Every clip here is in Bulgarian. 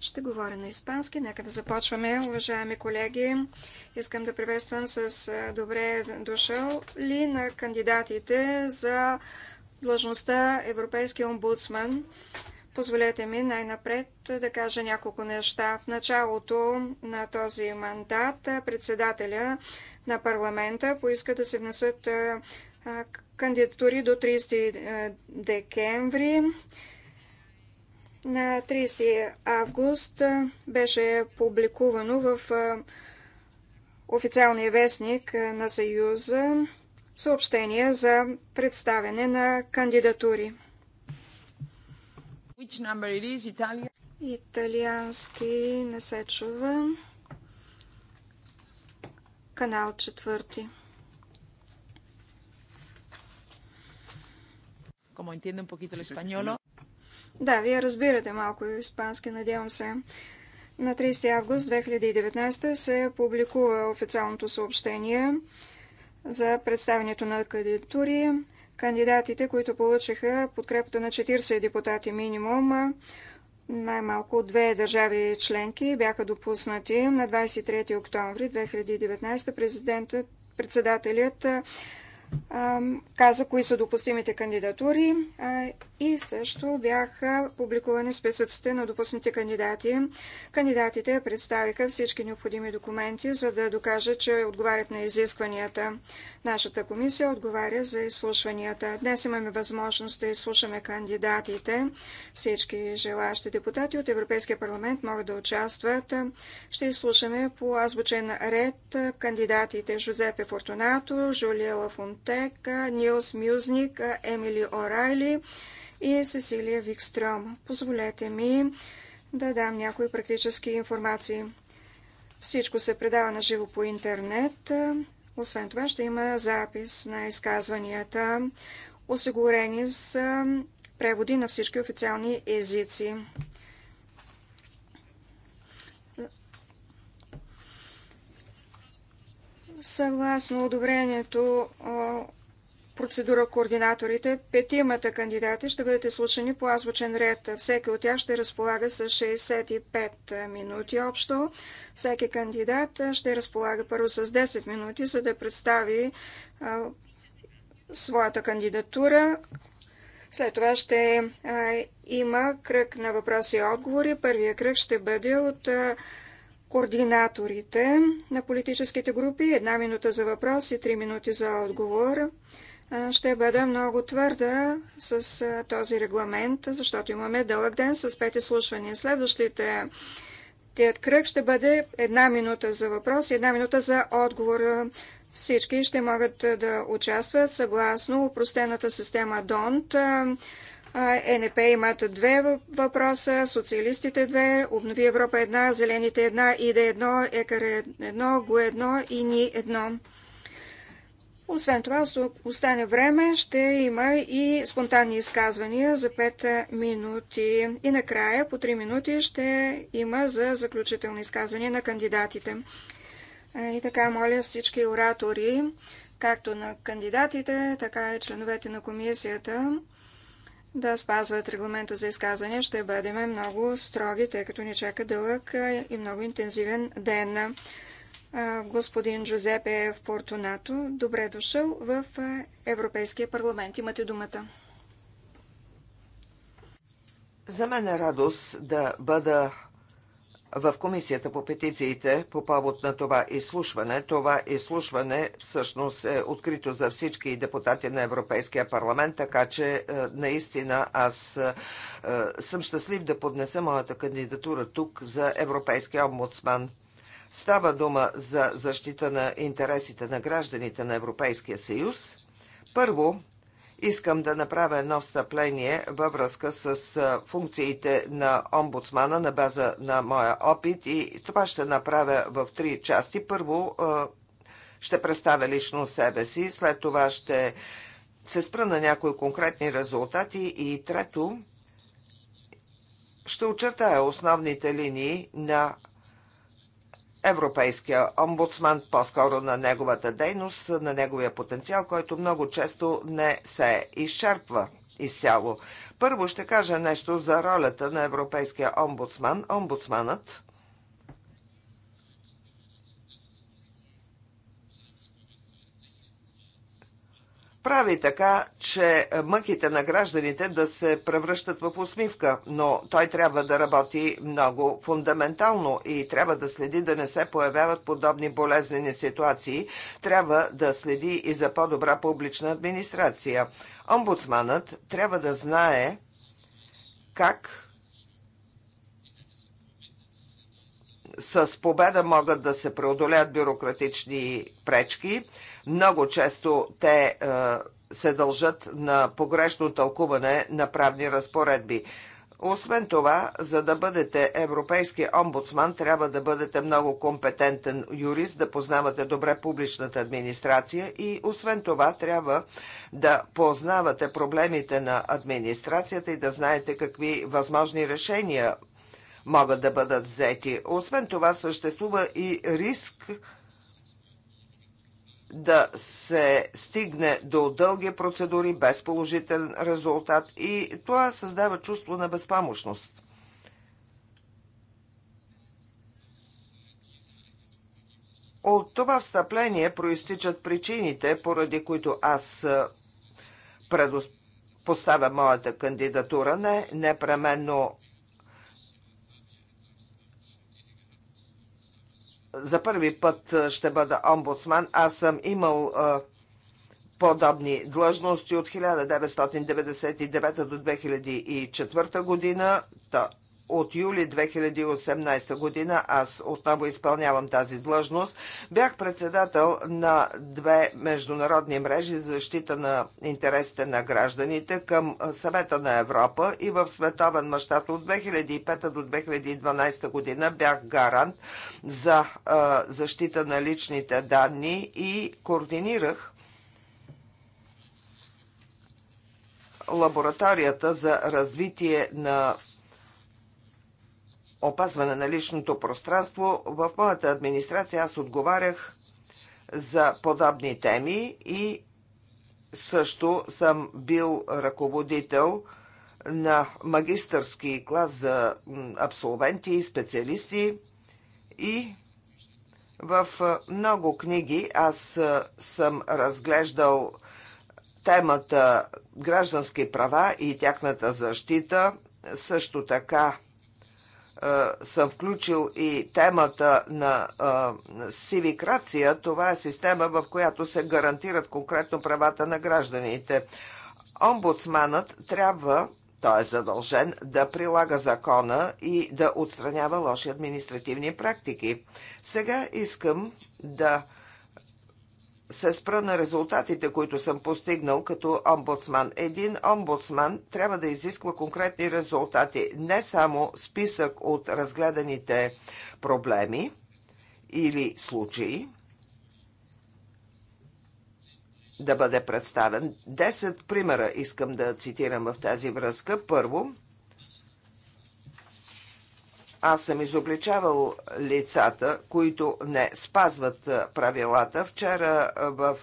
Ще говоря на испански. Нека да започваме, уважаеми колеги. Искам да приветствам с добре дошъл ли на кандидатите за длъжността Европейски омбудсман. Позволете ми най-напред да кажа няколко неща. В началото на този мандат председателя на парламента поиска да се внесат кандидатури до 30 декември на 30 август беше публикувано в официалния вестник на Съюза съобщение за представяне на кандидатури. Италиански не се чува. Канал четвърти. Como entiende un poquito el español. Да, вие разбирате малко испански, надявам се. На 30 август 2019 се публикува официалното съобщение за представянето на кандидатури. Кандидатите, които получиха подкрепата на 40 депутати минимум, най-малко от две държави членки бяха допуснати. На 23 октомври 2019 президентът, председателят каза кои са допустимите кандидатури и също бяха публикувани списъците на допустните кандидати. Кандидатите представиха всички необходими документи, за да докажат, че отговарят на изискванията. Нашата комисия отговаря за изслушванията. Днес имаме възможност да изслушаме кандидатите. Всички желащи депутати от Европейския парламент могат да участват. Ще изслушаме по азбучен ред кандидатите Жозепе Фортунато, Жулия Лафунт Монтек, Нилс Мюзник, Емили Орайли и Сесилия Викстрем. Позволете ми да дам някои практически информации. Всичко се предава на живо по интернет. Освен това ще има запис на изказванията. Осигурени са преводи на всички официални езици. Съгласно одобрението процедура координаторите, петимата кандидати ще бъдат слушани по азбучен ред. Всеки от тях ще разполага с 65 минути общо. Всеки кандидат ще разполага първо с 10 минути, за да представи своята кандидатура. След това ще има кръг на въпроси и отговори. Първия кръг ще бъде от координаторите на политическите групи. Една минута за въпрос и три минути за отговор. Ще бъда много твърда с този регламент, защото имаме дълъг ден с пет изслушвания. Следващите Тият кръг ще бъде една минута за въпрос и една минута за отговор. Всички ще могат да участват съгласно упростената система ДОНТ. ЕНП имат две въпроса, социалистите две, Обнови Европа една, Зелените една, ИДЕ едно, ЕКР едно, ГУ едно и НИ едно. Освен това, остане време, ще има и спонтанни изказвания за 5 минути. И накрая по 3 минути ще има за заключителни изказвания на кандидатите. И така, моля всички оратори, както на кандидатите, така и членовете на комисията, да спазват регламента за изказване. Ще бъдем много строги, тъй като ни чака дълъг и много интензивен ден. Господин Джузепе Фортунато, добре дошъл в Европейския парламент. Имате думата. За мен е радост да бъда в Комисията по петициите по повод на това изслушване. Това изслушване всъщност е открито за всички депутати на Европейския парламент, така че е, наистина аз е, е, съм щастлив да поднеса моята кандидатура тук за Европейския омбудсман. Става дума за защита на интересите на гражданите на Европейския съюз. Първо, Искам да направя едно встъпление във връзка с функциите на омбудсмана на база на моя опит и това ще направя в три части. Първо ще представя лично себе си, след това ще се спра на някои конкретни резултати и трето ще очертая основните линии на Европейския омбудсман, по-скоро на неговата дейност, на неговия потенциал, който много често не се изчерпва изцяло. Първо ще кажа нещо за ролята на Европейския омбудсман. Омбудсманът прави така, че мъките на гражданите да се превръщат в усмивка, но той трябва да работи много фундаментално и трябва да следи да не се появяват подобни болезнени ситуации, трябва да следи и за по-добра публична администрация. Омбудсманът трябва да знае как с победа могат да се преодолят бюрократични пречки – много често те е, се дължат на погрешно тълкуване на правни разпоредби. Освен това, за да бъдете европейски омбудсман, трябва да бъдете много компетентен юрист, да познавате добре публичната администрация и освен това трябва да познавате проблемите на администрацията и да знаете какви възможни решения могат да бъдат взети. Освен това, съществува и риск да се стигне до дълги процедури без положителен резултат и това създава чувство на безпомощност. От това встъпление проистичат причините, поради които аз предоставя поставя моята кандидатура, не непременно за първи път ще бъда омбудсман. Аз съм имал подобни длъжности от 1999 до 2004 година от юли 2018 година аз отново изпълнявам тази длъжност. Бях председател на две международни мрежи за защита на интересите на гражданите към Съвета на Европа и в световен мащаб от 2005 до 2012 година бях гарант за защита на личните данни и координирах лабораторията за развитие на опазване на личното пространство, в моята администрация аз отговарях за подобни теми и също съм бил ръководител на магистърски клас за абсолвенти и специалисти и в много книги аз съм разглеждал темата граждански права и тяхната защита, също така е, съм включил и темата е, на сивикрация, това е система, в която се гарантират конкретно правата на гражданите. Омбудсманът трябва, той е задължен, да прилага закона и да отстранява лоши административни практики. Сега искам да се спра на резултатите, които съм постигнал като омбудсман. Един омбудсман трябва да изисква конкретни резултати, не само списък от разгледаните проблеми или случаи, да бъде представен. Десет примера искам да цитирам в тази връзка. Първо, аз съм изобличавал лицата, които не спазват правилата. Вчера в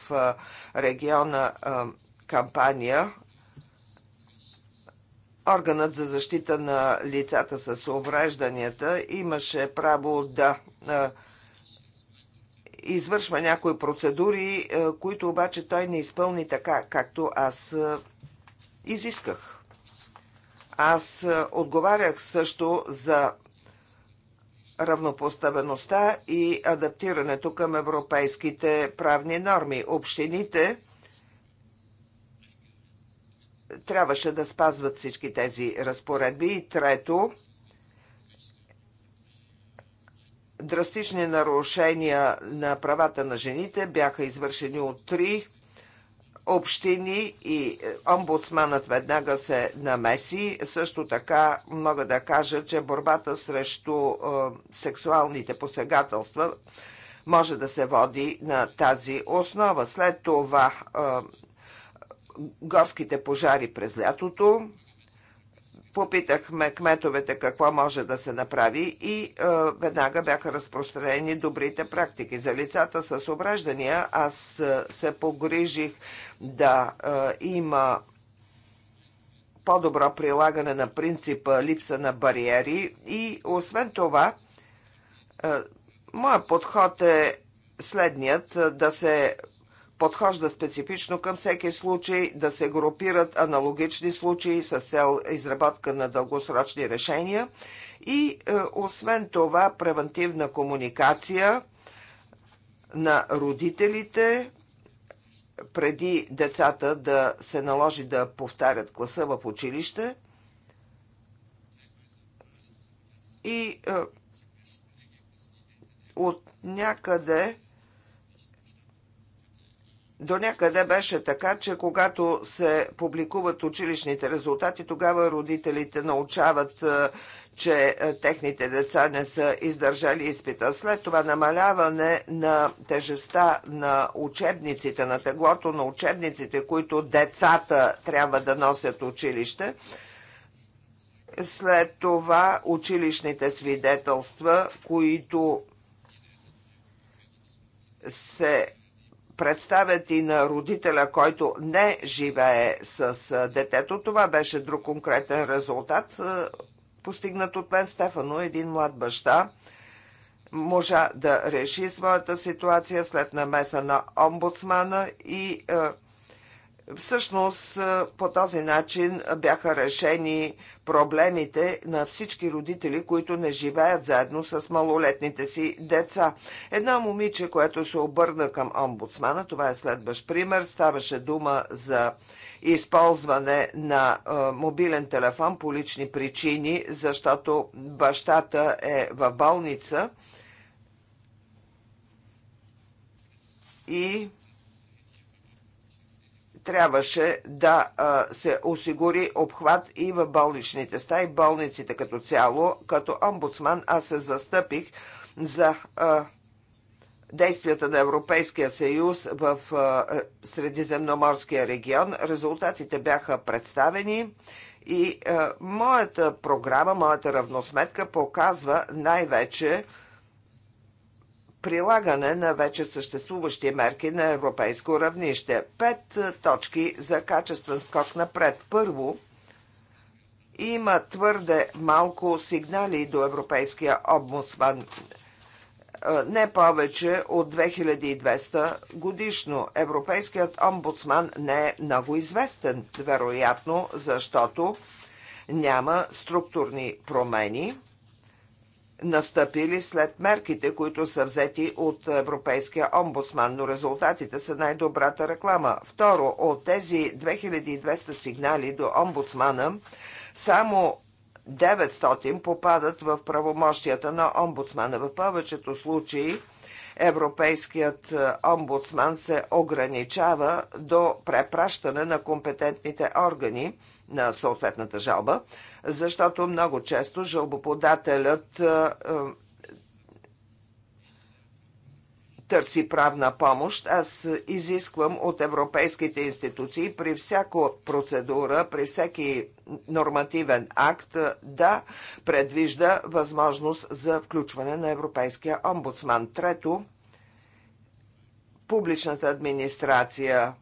региона кампания Органът за защита на лицата с обрежданията имаше право да извършва някои процедури, които обаче той не изпълни така, както аз изисках. Аз отговарях също за равнопоставеността и адаптирането към европейските правни норми. Общините трябваше да спазват всички тези разпоредби. И трето, драстични нарушения на правата на жените бяха извършени от три общини и е, омбудсманът веднага се намеси. Също така мога да кажа, че борбата срещу е, сексуалните посегателства може да се води на тази основа. След това е, горските пожари през лятото. Попитахме кметовете какво може да се направи и е, веднага бяха разпространени добрите практики. За лицата с обреждания, аз се погрижих да има по-добро прилагане на принципа липса на бариери и освен това моят подход е следният да се подхожда специфично към всеки случай, да се групират аналогични случаи с цел изработка на дългосрочни решения и е, освен това превентивна комуникация на родителите преди децата да се наложи да повтарят класа в училище. И е, от някъде до някъде беше така, че когато се публикуват училищните резултати, тогава родителите научават е, че е, техните деца не са издържали изпита. След това намаляване на тежестта на учебниците, на теглото на учебниците, които децата трябва да носят училище. След това училищните свидетелства, които се представят и на родителя, който не живее с е, детето. Това беше друг конкретен резултат е, постигнат от мен Стефано, един млад баща, можа да реши своята ситуация след намеса на омбудсмана и е, всъщност е, по този начин бяха решени проблемите на всички родители, които не живеят заедно с малолетните си деца. Една момиче, което се обърна към омбудсмана, това е следващ пример, ставаше дума за използване на мобилен телефон по лични причини, защото бащата е в болница и трябваше да се осигури обхват и в болничните стаи, болниците като цяло. Като омбудсман аз се застъпих за а, действията на Европейския съюз в Средиземноморския регион. Резултатите бяха представени и моята програма, моята равносметка показва най-вече прилагане на вече съществуващи мерки на европейско равнище. Пет точки за качествен скок напред. Първо, има твърде малко сигнали до Европейския обмусман е, не повече от 2200 годишно. Европейският омбудсман не е много известен, вероятно, защото няма структурни промени настъпили след мерките, които са взети от Европейския омбудсман, но резултатите са най-добрата реклама. Второ, от тези 2200 сигнали до омбудсмана, само 900 попадат в правомощията на омбудсмана. В повечето случаи Европейският е, омбудсман се ограничава до препращане на компетентните органи на съответната жалба, защото много често жалбоподателят е, е, търси правна помощ. Аз изисквам от европейските институции при всяко процедура, при всеки нормативен акт да предвижда възможност за включване на Европейския омбудсман. Трето, публичната администрация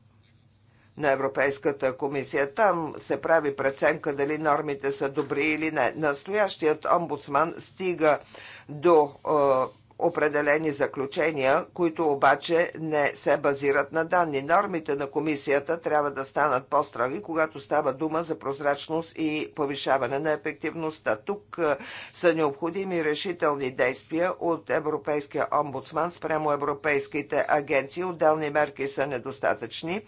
на Европейската комисия. Там се прави преценка дали нормите са добри или не. Настоящият омбудсман стига до е, определени заключения, които обаче не се базират на данни. Нормите на комисията трябва да станат по-строги, когато става дума за прозрачност и повишаване на ефективността. Тук е, са необходими решителни действия от Европейския омбудсман спрямо европейските агенции. Отделни мерки са недостатъчни.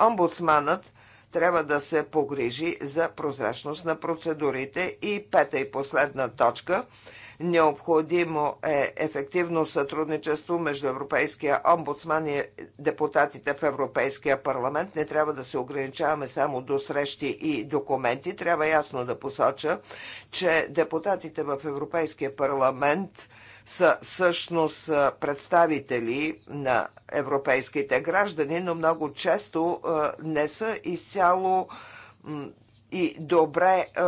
Омбудсманът трябва да се погрижи за прозрачност на процедурите. И пета и последна точка – Необходимо е ефективно сътрудничество между Европейския омбудсман и депутатите в Европейския парламент. Не трябва да се ограничаваме само до срещи и документи. Трябва ясно да посоча, че депутатите в Европейския парламент са всъщност представители на европейските граждани, но много често е, не са изцяло и добре е,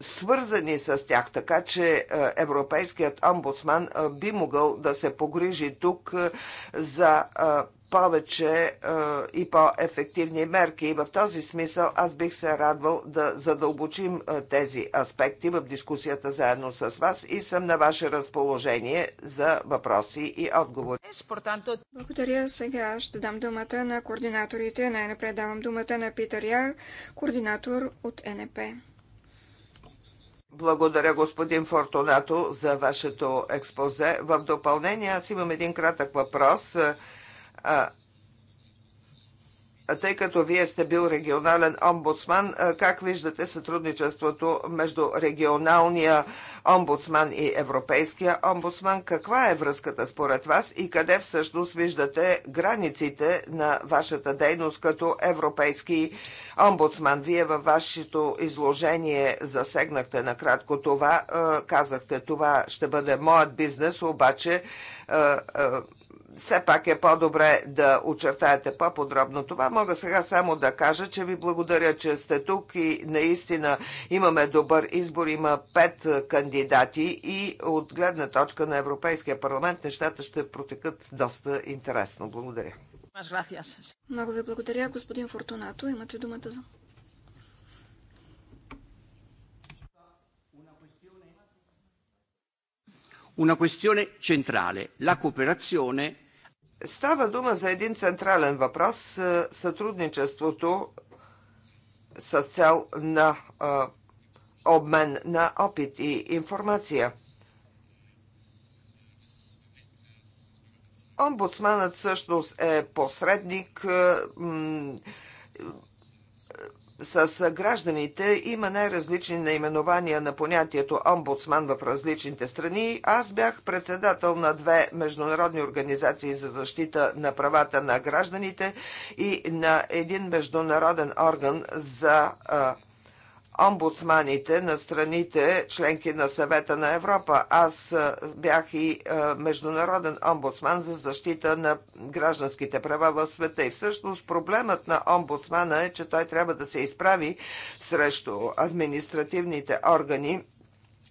свързани с тях, така че е, Европейският омбудсман е, би могъл да се погрижи тук е, за повече и по-ефективни мерки. И в този смисъл аз бих се радвал да задълбочим тези аспекти в дискусията заедно с вас и съм на ваше разположение за въпроси и отговори. Благодаря. Сега ще дам думата на координаторите. Най-напред давам думата на Питър Яр, координатор от НП. Благодаря, господин Фортунато, за вашето експозе. В допълнение, аз имам един кратък въпрос тъй като вие сте бил регионален омбудсман, как виждате сътрудничеството между регионалния омбудсман и европейския омбудсман? Каква е връзката според вас и къде всъщност виждате границите на вашата дейност като европейски омбудсман? Вие във вашето изложение засегнахте накратко това, казахте това ще бъде моят бизнес, обаче все пак е по-добре да очертаете по-подробно това. Мога сега само да кажа, че ви благодаря, че сте тук и наистина имаме добър избор. Има пет кандидати и от гледна точка на Европейския парламент нещата ще протекат доста интересно. Благодаря. Много ви благодаря, господин Фортунато. Имате думата за... una questione centrale, la cooperazione. Става дума за един централен въпрос е, сътрудничеството с цел на а, обмен на опит и информация. Омбудсманът всъщност е посредник. А, е, с гражданите има най-различни наименования на понятието омбудсман в различните страни. Аз бях председател на две международни организации за защита на правата на гражданите и на един международен орган за а, омбудсманите на страните членки на съвета на Европа. Аз бях и международен омбудсман за защита на гражданските права в света. И всъщност проблемът на омбудсмана е, че той трябва да се изправи срещу административните органи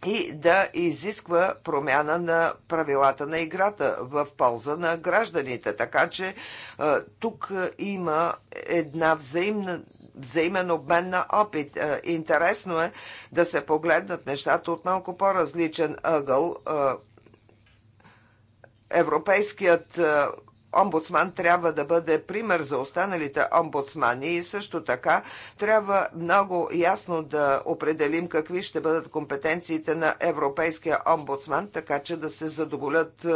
и да изисква промяна на правилата на играта в полза на гражданите. Така че е, тук е, има една взаимна, взаимен обмен на опит. Е, интересно е да се погледнат нещата от малко по-различен ъгъл. Европейският омбудсман трябва да бъде пример за останалите омбудсмани и също така трябва много ясно да определим какви ще бъдат компетенциите на Европейския омбудсман, така че да се задоволят е,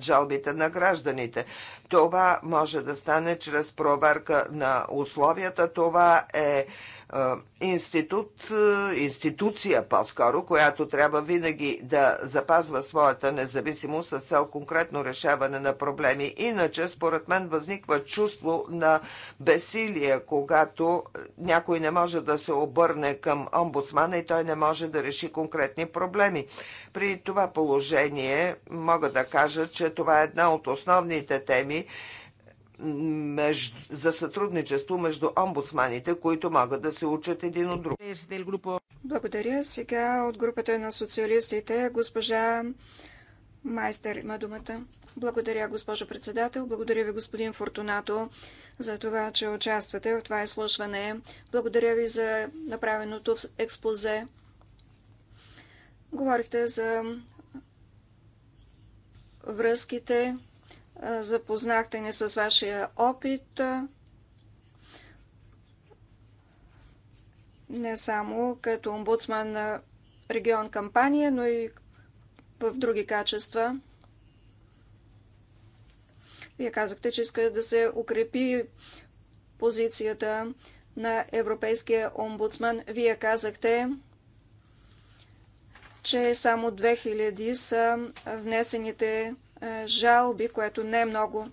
жалбите на гражданите. Това може да стане чрез проверка на условията. Това е институт, институция по-скоро, която трябва винаги да запазва своята независимост с цел конкретно решаване на проблеми. Иначе, според мен, възниква чувство на бесилие, когато някой не може да се обърне към омбудсмана и той не може да реши конкретни проблеми. При това положение мога да кажа, че това е една от основните теми, между, за сътрудничество между омбудсманите, които могат да се учат един от друг. Благодаря. Сега от групата на социалистите госпожа Майстер има думата. Благодаря, госпожо председател. Благодаря ви, господин Фортунато, за това, че участвате в това изслушване. Благодаря ви за направеното експозе. Говорихте за връзките запознахте ни с вашия опит. Не само като омбудсман на регион кампания, но и в други качества. Вие казахте, че иска да се укрепи позицията на Европейския омбудсман. Вие казахте, че само 2000 са внесените е, жалби, което не е много.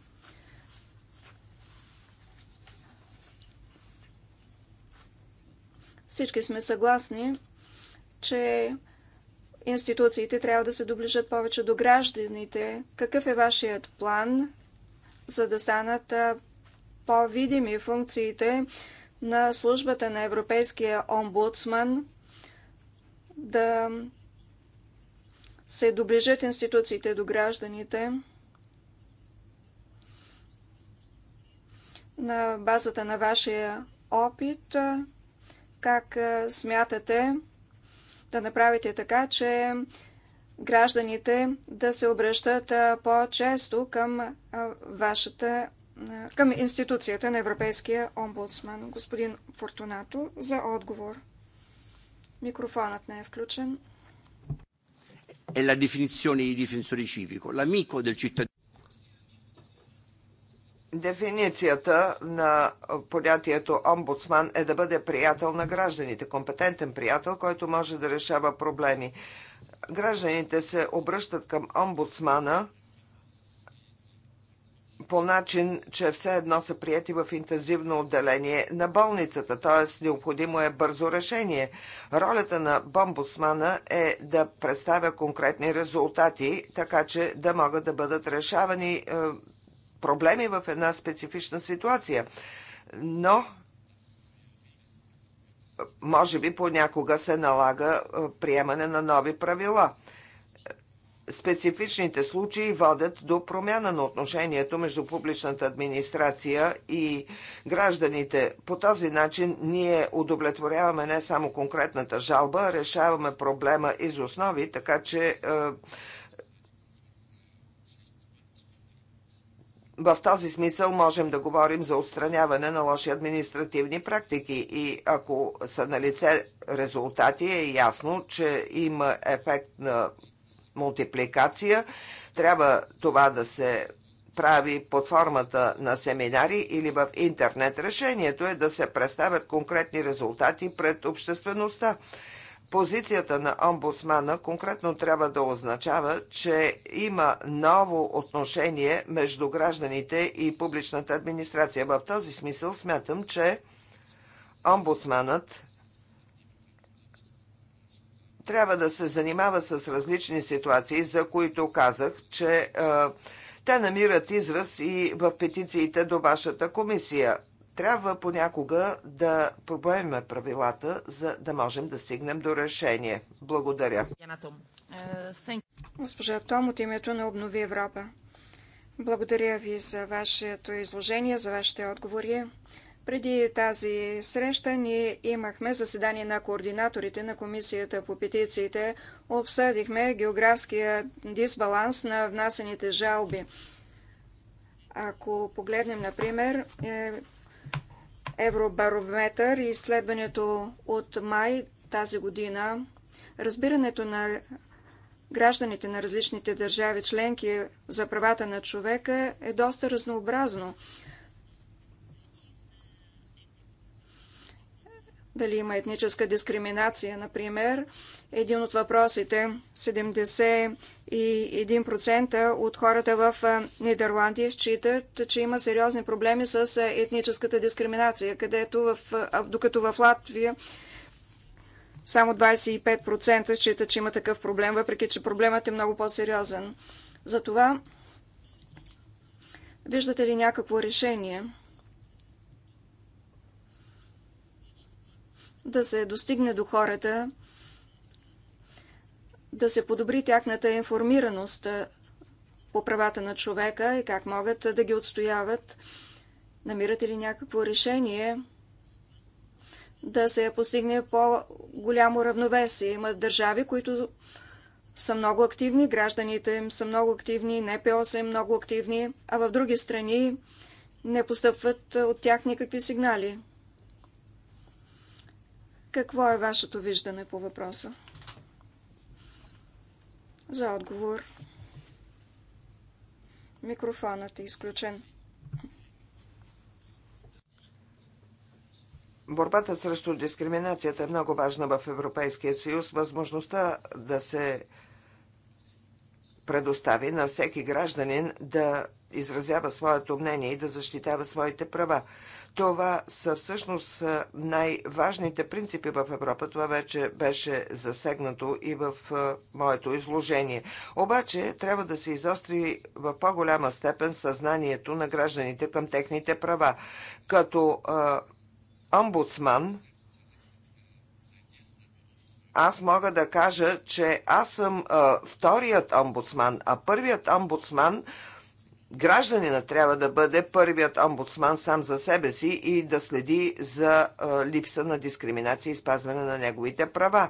Всички сме съгласни, че институциите трябва да се доближат повече до гражданите. Какъв е вашият план, за да станат е, по-видими функциите на службата на Европейския омбудсман, да се доближат институциите до гражданите на базата на вашия опит. Как смятате да направите така, че гражданите да се обръщат по-често към вашата към институцията на Европейския омбудсман. Господин Фортунато за отговор. Микрофонът не е включен è la definizione di difensore civico, l'amico del cittadino. Дефиницията на понятието омбудсман е да бъде приятел на гражданите, компетентен приятел, който може да решава проблеми. Гражданите се обръщат към омбудсмана по начин, че все едно са прияти в интензивно отделение на болницата, т.е. необходимо е бързо решение. Ролята на бомбусмана е да представя конкретни резултати, така че да могат да бъдат решавани е, проблеми в една специфична ситуация. Но може би понякога се налага е, приемане на нови правила – специфичните случаи водят до промяна на отношението между публичната администрация и гражданите. По този начин ние удовлетворяваме не само конкретната жалба, решаваме проблема из основи, така че е, В този смисъл можем да говорим за отстраняване на лоши административни практики и ако са на лице резултати, е ясно, че има ефект на мултипликация. Трябва това да се прави под формата на семинари или в интернет. Решението е да се представят конкретни резултати пред обществеността. Позицията на омбудсмана конкретно трябва да означава, че има ново отношение между гражданите и публичната администрация. В този смисъл смятам, че омбудсманът трябва да се занимава с различни ситуации, за които казах, че те намират израз и в петициите до вашата комисия. Трябва понякога да пробваме правилата, за да можем да стигнем до решение. Благодаря. Госпожа Том от името на Обнови Европа. Благодаря ви за вашето изложение, за вашите отговори. Преди тази среща ние имахме заседание на координаторите на Комисията по петициите. Обсъдихме географския дисбаланс на внасените жалби. Ако погледнем, например, е, Евробарометър и изследването от май тази година, разбирането на гражданите на различните държави членки за правата на човека е доста разнообразно. дали има етническа дискриминация, например. Един от въпросите, 71% от хората в Нидерландия считат, че има сериозни проблеми с етническата дискриминация, където в, докато в Латвия само 25% считат, че има такъв проблем, въпреки че проблемът е много по-сериозен. Затова, виждате ли някакво решение? да се достигне до хората, да се подобри тяхната информираност по правата на човека и как могат да ги отстояват. Намирате ли някакво решение да се постигне по-голямо равновесие? Има държави, които са много активни, гражданите им са много активни, НПО са им много активни, а в други страни не постъпват от тях никакви сигнали. Какво е вашето виждане по въпроса? За отговор. Микрофонът е изключен. Борбата срещу дискриминацията е много важна в Европейския съюз. Възможността да се предостави на всеки гражданин да изразява своето мнение и да защитава своите права. Това са всъщност най-важните принципи в Европа. Това вече беше засегнато и в моето изложение. Обаче трябва да се изостри в по-голяма степен съзнанието на гражданите към техните права. Като омбудсман, аз мога да кажа, че аз съм а, вторият омбудсман, а първият омбудсман – гражданина трябва да бъде първият омбудсман сам за себе си и да следи за е, липса на дискриминация и спазване на неговите права.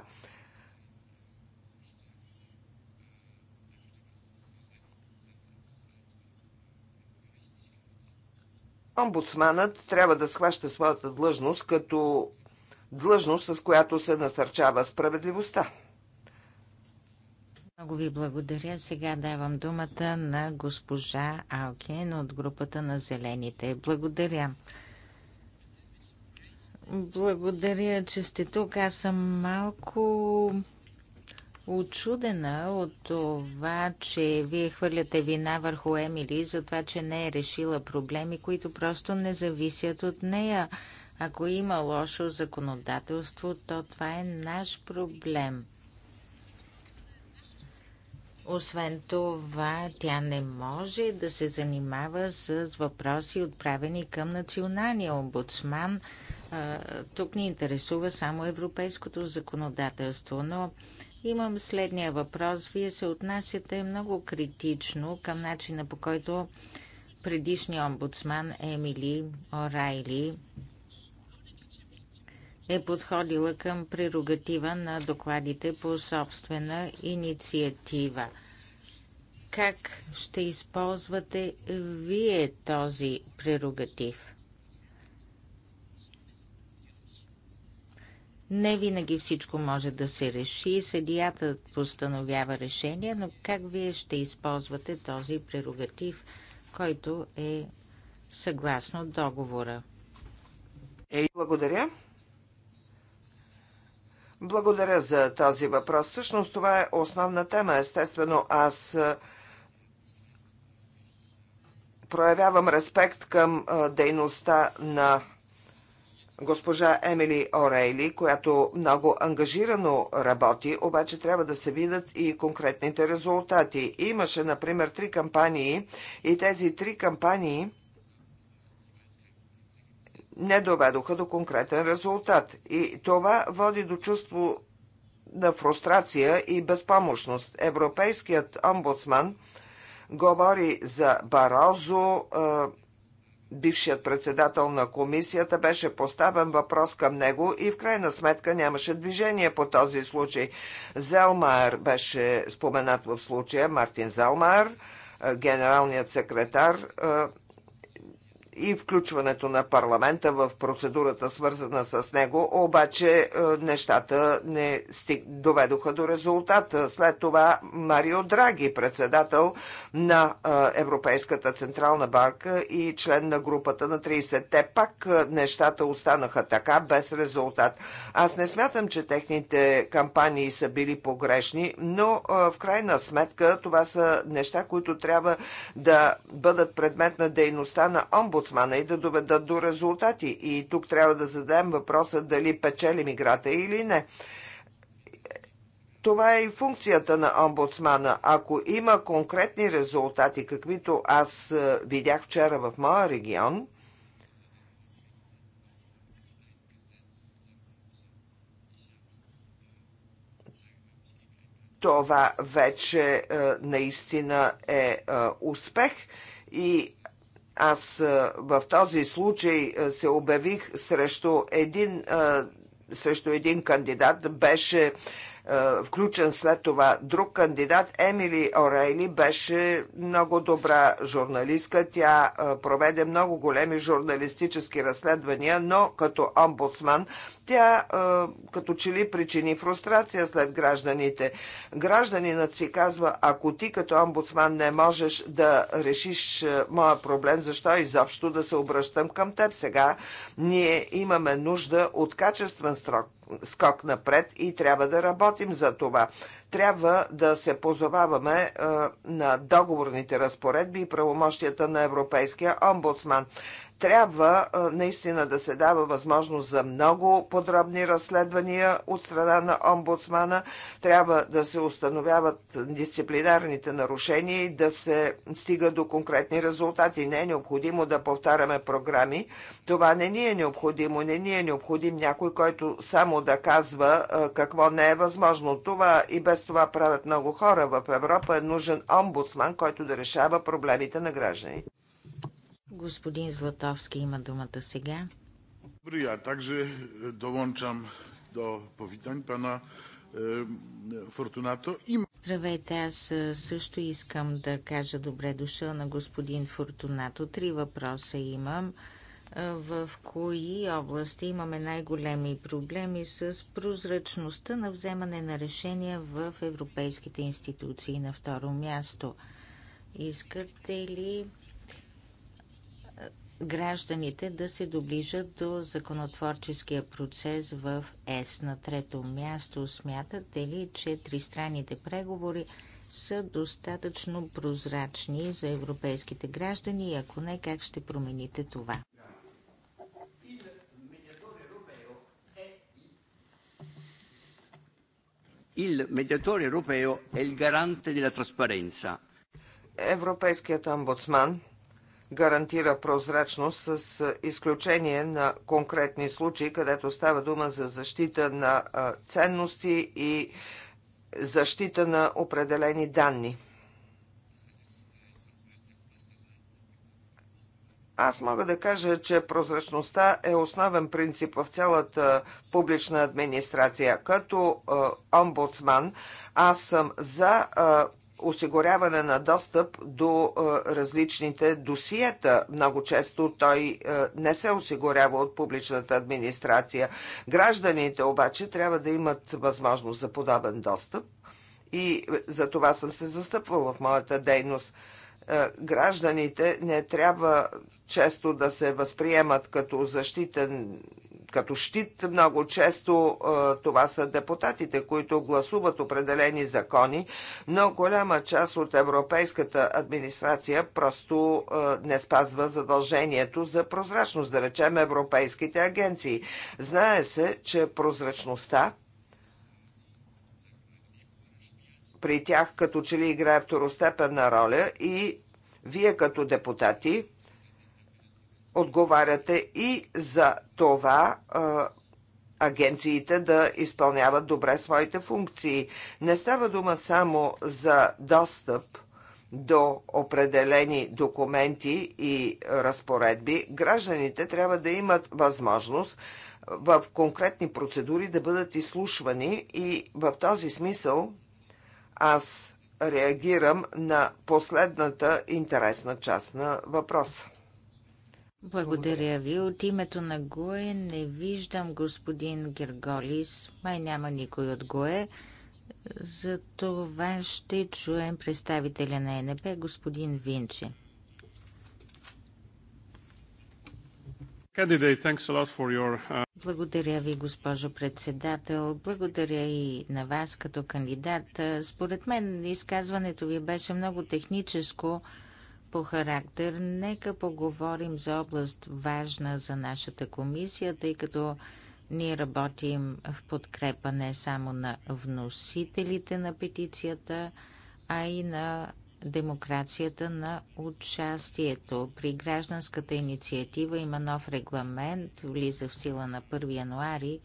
Омбудсманът трябва да схваща своята длъжност като длъжност, с която се насърчава справедливостта. Много ви благодаря. Сега давам думата на госпожа Алкен от групата на Зелените. Благодаря. Благодаря, че сте тук. Аз съм малко очудена от това, че вие хвърляте вина върху Емили за това, че не е решила проблеми, които просто не зависят от нея. Ако има лошо законодателство, то това е наш проблем. Освен това, тя не може да се занимава с въпроси, отправени към националния омбудсман. Тук ни интересува само европейското законодателство, но имам следния въпрос. Вие се отнасяте много критично към начина по който предишният омбудсман Емили Орайли е подходила към прерогатива на докладите по собствена инициатива. Как ще използвате вие този прерогатив? Не винаги всичко може да се реши. Съдията постановява решение, но как вие ще използвате този прерогатив, който е съгласно договора? Ей, благодаря. Благодаря за този въпрос. Всъщност това е основна тема. Естествено, аз проявявам респект към дейността на госпожа Емили Орейли, която много ангажирано работи, обаче трябва да се видят и конкретните резултати. Имаше, например, три кампании и тези три кампании не доведоха до конкретен резултат. И това води до чувство на фрустрация и безпомощност. Европейският омбудсман говори за Барозо, бившият председател на комисията, беше поставен въпрос към него и в крайна сметка нямаше движение по този случай. Зелмайер беше споменат в случая, Мартин Зелмайер, генералният секретар и включването на парламента в процедурата свързана с него, обаче е, нещата не стиг... доведоха до резултата. След това Марио Драги, председател на е, Европейската централна банка и член на групата на 30-те, пак е, нещата останаха така, без резултат. Аз не смятам, че техните кампании са били погрешни, но в крайна сметка това са неща, които трябва да бъдат предмет на дейността на омбудсмана омбудсмана и да доведат до резултати. И тук трябва да зададем въпроса дали печелим играта или не. Това е и функцията на омбудсмана. Ако има конкретни резултати, каквито аз е, видях вчера в моя регион, това вече е, наистина е, е успех и аз е, в този случай е, се обявих срещу един, е, срещу един кандидат. Беше включен след това друг кандидат, Емили Орейли, беше много добра журналистка. Тя проведе много големи журналистически разследвания, но като омбудсман тя като че ли причини фрустрация след гражданите. Гражданинът си казва, ако ти като омбудсман не можеш да решиш моя проблем, защо изобщо да се обръщам към теб сега? Ние имаме нужда от качествен строк, скок напред и трябва да работим за това. Трябва да се позоваваме на договорните разпоредби и правомощията на Европейския омбудсман трябва наистина да се дава възможност за много подробни разследвания от страна на омбудсмана, трябва да се установяват дисциплинарните нарушения и да се стига до конкретни резултати. Не е необходимо да повтаряме програми. Това не ни е необходимо. Не ни е необходим някой, който само да казва какво не е възможно. Това и без това правят много хора в Европа. Е нужен омбудсман, който да решава проблемите на гражданите. Господин Златовски има думата сега. Добре, а также е, долончам до powitań пана е, Фортунато. Здравейте, аз е, също искам да кажа добре дошъл на господин Фортунато. Три въпроса имам. В кои области имаме най-големи проблеми с прозрачността на вземане на решения в европейските институции? На второ място, искате ли гражданите да се доближат до законотворческия процес в ЕС. На трето място смятате ли, че тристранните преговори са достатъчно прозрачни за европейските граждани и ако не, как ще промените това? Il mediatore europeo è il garante della trasparenza. Европейският омбудсман гарантира прозрачност с изключение на конкретни случаи, където става дума за защита на ценности и защита на определени данни. Аз мога да кажа, че прозрачността е основен принцип в цялата публична администрация. Като омбудсман аз съм за осигуряване на достъп до е, различните досиета. Много често той е, не се осигурява от публичната администрация. Гражданите обаче трябва да имат възможност за подобен достъп и за това съм се застъпвала в моята дейност. Е, гражданите не трябва често да се възприемат като защитен като щит. Много често това са депутатите, които гласуват определени закони, но голяма част от европейската администрация просто не спазва задължението за прозрачност, да речем европейските агенции. Знае се, че прозрачността при тях като че ли играе второстепенна роля и вие като депутати – отговаряте и за това агенциите да изпълняват добре своите функции. Не става дума само за достъп до определени документи и разпоредби. Гражданите трябва да имат възможност в конкретни процедури да бъдат изслушвани и в този смисъл аз реагирам на последната интересна част на въпроса. Благодаря ви. От името на ГОЕ не виждам господин Герголис. Май няма никой от ГОЕ. За това ще чуем представителя на ЕНП, господин Винче. Uh, Благодаря ви, госпожо председател. Благодаря и на вас като кандидат. Според мен изказването ви беше много техническо по характер, нека поговорим за област важна за нашата комисия, тъй като ние работим в подкрепа не само на вносителите на петицията, а и на демокрацията на участието. При гражданската инициатива има нов регламент, влиза в сила на 1 януари.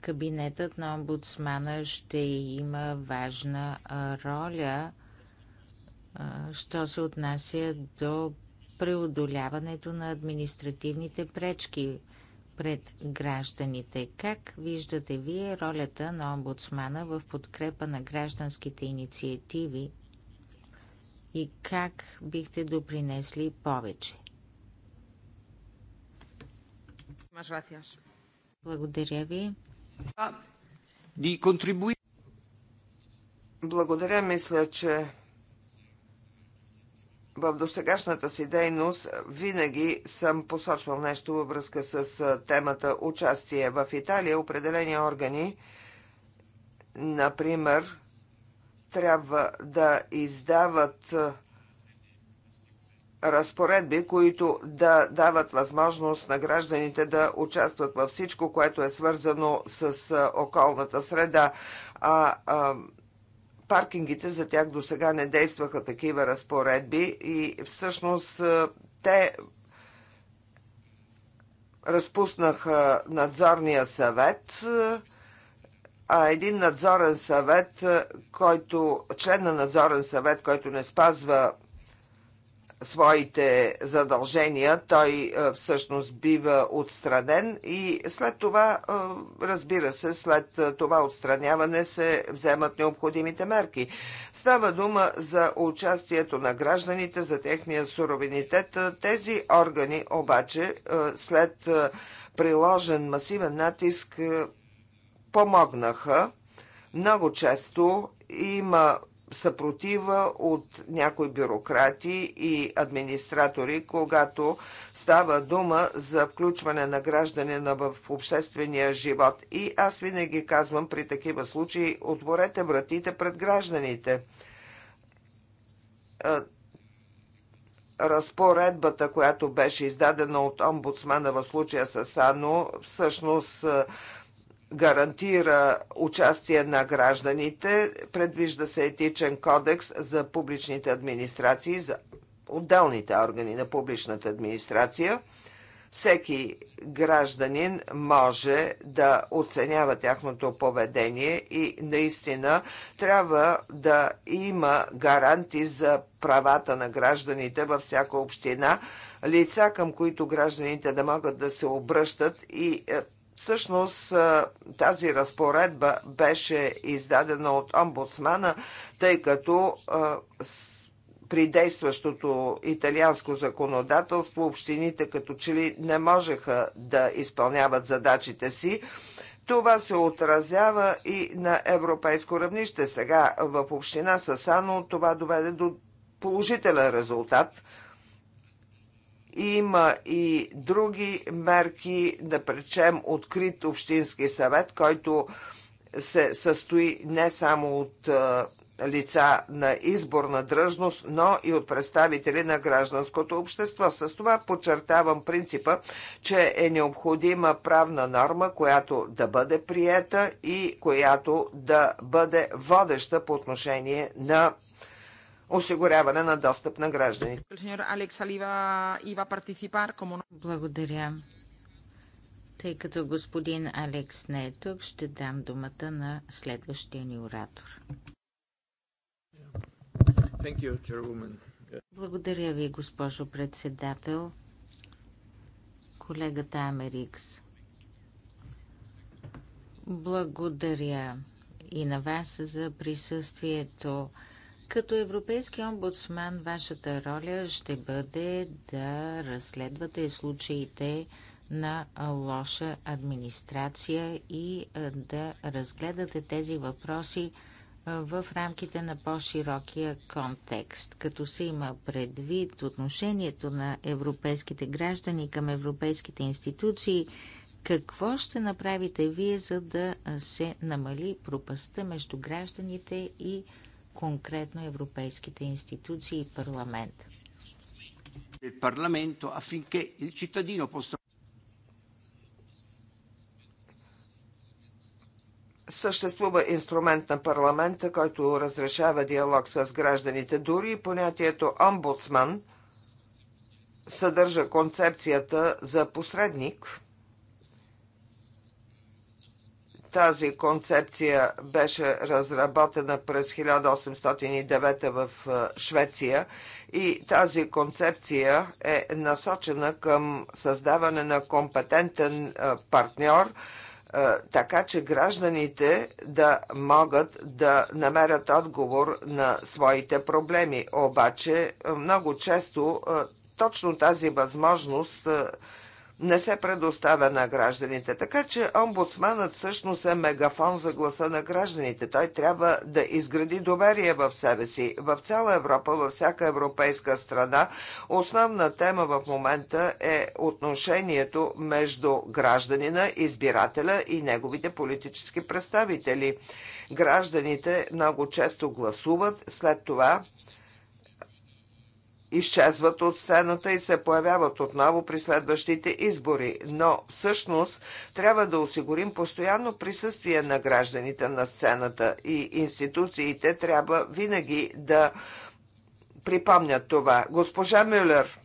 Кабинетът на омбудсмана ще има важна роля – що се отнася до преодоляването на административните пречки пред гражданите. Как виждате вие ролята на омбудсмана в подкрепа на гражданските инициативи и как бихте допринесли повече? Благодаря ви. Благодаря, мисля, че в досегашната си дейност винаги съм посочвал нещо във връзка с темата участие. В Италия определени органи, например, трябва да издават разпоредби, които да дават възможност на гражданите да участват във всичко, което е свързано с околната среда. А, а паркингите за тях до сега не действаха такива разпоредби и всъщност те разпуснаха надзорния съвет, а един надзорен съвет, който, член на надзорен съвет, който не спазва своите задължения, той е, всъщност бива отстранен и след това, е, разбира се, след е, това отстраняване се вземат необходимите мерки. Става дума за участието на гражданите, за техния суровинитет. Тези органи обаче след приложен масивен натиск помогнаха. Много често има съпротива от някои бюрократи и администратори, когато става дума за включване на гражданина в обществения живот. И аз винаги казвам при такива случаи, отворете вратите пред гражданите е, разпоредбата, която беше издадена от омбудсмана в случая с Ано, всъщност е, гарантира участие на гражданите. Предвижда се етичен кодекс за публичните администрации, за отделните органи на публичната администрация. Всеки гражданин може да оценява тяхното поведение и наистина трябва да има гаранти за правата на гражданите във всяка община, лица към които гражданите да могат да се обръщат и е, Всъщност тази разпоредба беше издадена от омбудсмана, тъй като при действащото италианско законодателство общините като че ли не можеха да изпълняват задачите си. Това се отразява и на европейско равнище. Сега в община Сасано това доведе до положителен резултат – има и други мерки, да пречем открит общински съвет, който се състои не само от лица на изборна дръжност, но и от представители на гражданското общество. С това подчертавам принципа, че е необходима правна норма, която да бъде приета и която да бъде водеща по отношение на осигуряване на достъп на гражданите. Благодаря. Тъй като господин Алекс не е тук, ще дам думата на следващия ни оратор. You, Благодаря ви, госпожо председател. Колегата Америкс. Благодаря и на вас за присъствието. Като европейски омбудсман, вашата роля ще бъде да разследвате случаите на лоша администрация и да разгледате тези въпроси в рамките на по-широкия контекст, като се има предвид отношението на европейските граждани към европейските институции, какво ще направите вие, за да се намали пропаста между гражданите и конкретно европейските институции и парламент. афинке il cittadino possa Съществува инструмент на парламента, който разрешава диалог с гражданите. Дори понятието омбудсман съдържа концепцията за посредник – Тази концепция беше разработена през 1809 в е, Швеция и тази концепция е насочена към създаване на компетентен е, партньор, е, така че гражданите да могат да намерят отговор на своите проблеми. Обаче много често точно тази възможност не се предоставя на гражданите. Така че омбудсманът всъщност е мегафон за гласа на гражданите. Той трябва да изгради доверие в себе си. В цяла Европа, във всяка европейска страна, основна тема в момента е отношението между гражданина, избирателя и неговите политически представители. Гражданите много често гласуват, след това изчезват от сцената и се появяват отново при следващите избори. Но всъщност трябва да осигурим постоянно присъствие на гражданите на сцената и институциите трябва винаги да припомнят това. Госпожа Мюллер,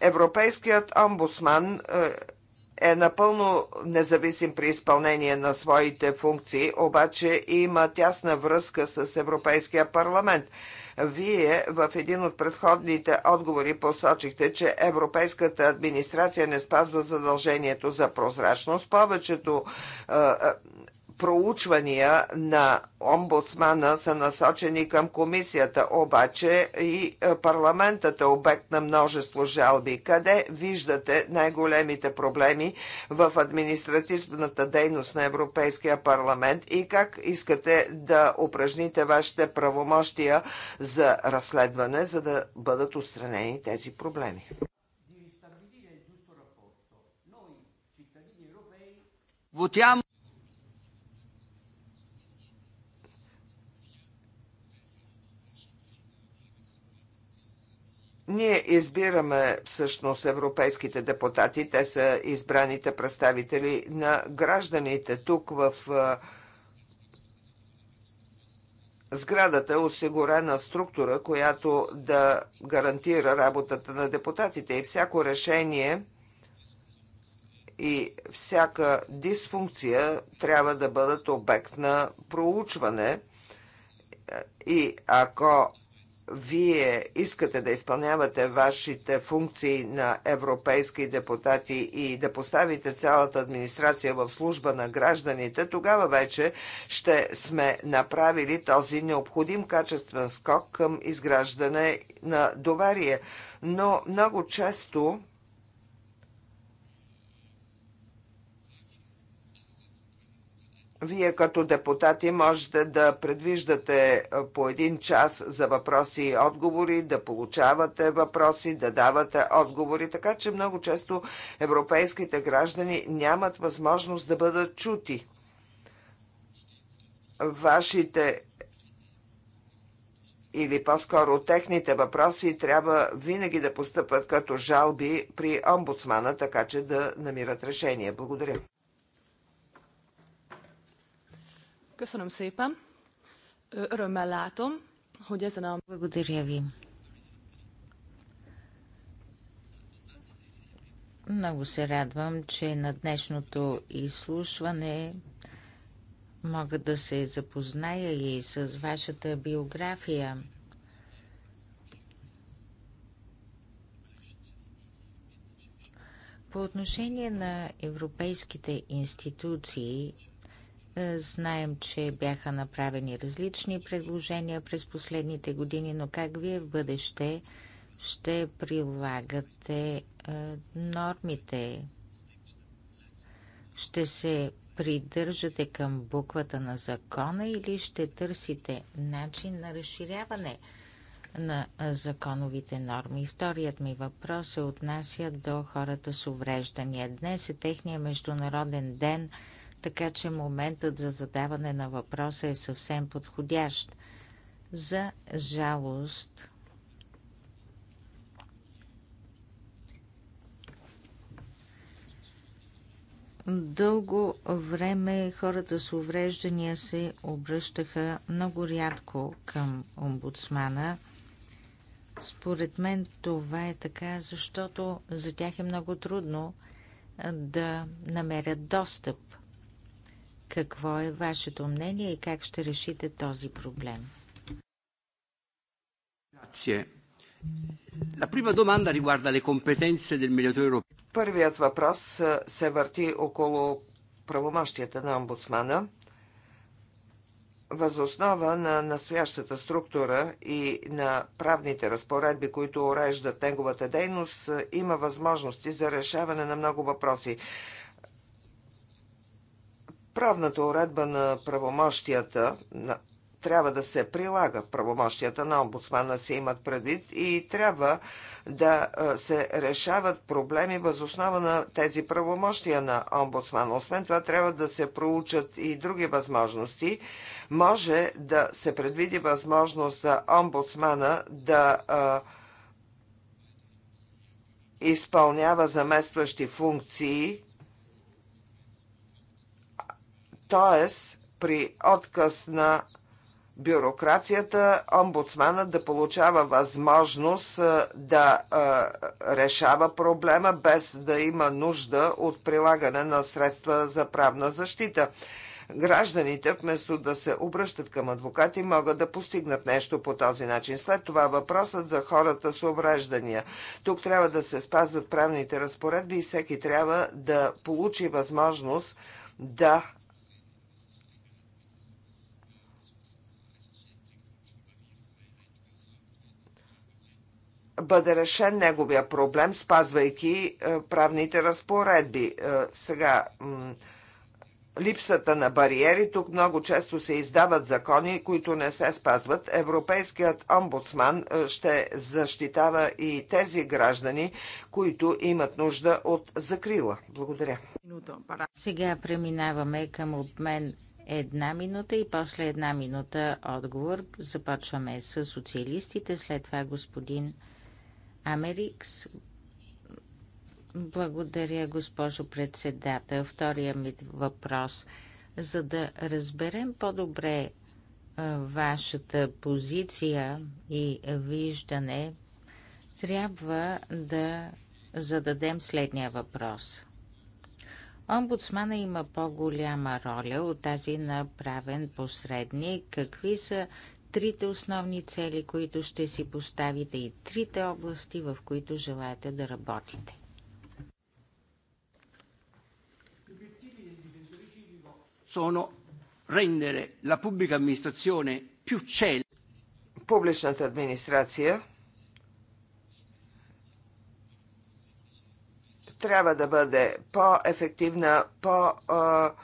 Европейският омбудсман е, е напълно независим при изпълнение на своите функции, обаче има тясна връзка с Европейския парламент. Вие в един от предходните отговори посочихте, че Европейската администрация не спазва задължението за прозрачност. Повечето е, е, проучвания на омбудсмана са насочени към комисията, обаче и е, парламентът е обект на множество жалби. Къде виждате най-големите проблеми в административната дейност на Европейския парламент и как искате да упражните вашите правомощия за разследване, за да бъдат устранени тези проблеми? Votiamo. Ние избираме всъщност европейските депутати, те са избраните представители на гражданите. Тук в сградата е осигурена структура, която да гарантира работата на депутатите и всяко решение и всяка дисфункция трябва да бъдат обект на проучване. И ако вие искате да изпълнявате вашите функции на европейски депутати и да поставите цялата администрация в служба на гражданите, тогава вече ще сме направили този необходим качествен скок към изграждане на доверие. Но много често Вие като депутати можете да предвиждате по един час за въпроси и отговори, да получавате въпроси, да давате отговори, така че много често европейските граждани нямат възможност да бъдат чути. Вашите или по-скоро техните въпроси трябва винаги да постъпват като жалби при омбудсмана, така че да намират решение. Благодаря. Köszönöm szépen. Örömmel látom, hogy ezen a... Благодаря ви. Много се радвам, че на днешното изслушване мога да се запозная и с вашата биография. По отношение на европейските институции е, знаем, че бяха направени различни предложения през последните години, но как вие в бъдеще ще прилагате е, нормите? Ще се придържате към буквата на закона или ще търсите начин на разширяване на е, законовите норми? Вторият ми въпрос се отнася до хората с увреждания. Днес е техния международен ден – така че моментът за задаване на въпроса е съвсем подходящ. За жалост, дълго време хората с увреждания се обръщаха много рядко към омбудсмана. Според мен това е така, защото за тях е много трудно да намерят достъп какво е вашето мнение и как ще решите този проблем? Първият въпрос се върти около правомощията на омбудсмана. Възоснова на настоящата структура и на правните разпоредби, които уреждат неговата дейност, има възможности за решаване на много въпроси правната уредба на правомощията на трябва да се прилага. Правомощията на омбудсмана се имат предвид и трябва да се решават проблеми възоснова на тези правомощия на омбудсмана. Освен това, трябва да се проучат и други възможности. Може да се предвиди възможност за омбудсмана да а, изпълнява заместващи функции т.е. при отказ на бюрокрацията, омбудсмана да получава възможност да решава проблема без да има нужда от прилагане на средства за правна защита. Гражданите, вместо да се обръщат към адвокати, могат да постигнат нещо по този начин. След това въпросът за хората с увреждания. Тук трябва да се спазват правните разпоредби и всеки трябва да получи възможност да бъде решен неговия проблем, спазвайки е, правните разпоредби. Е, сега, липсата на бариери, тук много често се издават закони, които не се спазват. Европейският омбудсман е, ще защитава и тези граждани, които имат нужда от закрила. Благодаря. Сега преминаваме към от мен една минута и после една минута отговор. Започваме с социалистите, след това господин Америкс. Благодаря, госпожо председател. Втория ми въпрос. За да разберем по-добре е, вашата позиция и виждане, трябва да зададем следния въпрос. Омбудсмана има по-голяма роля от тази направен посредник. Какви са трите основни цели, които ще си поставите и трите области, в които желаете да работите. Sono rendere la pubblica amministrazione più celere. Публичната администрация трябва да бъде по-ефективна, по-ефективна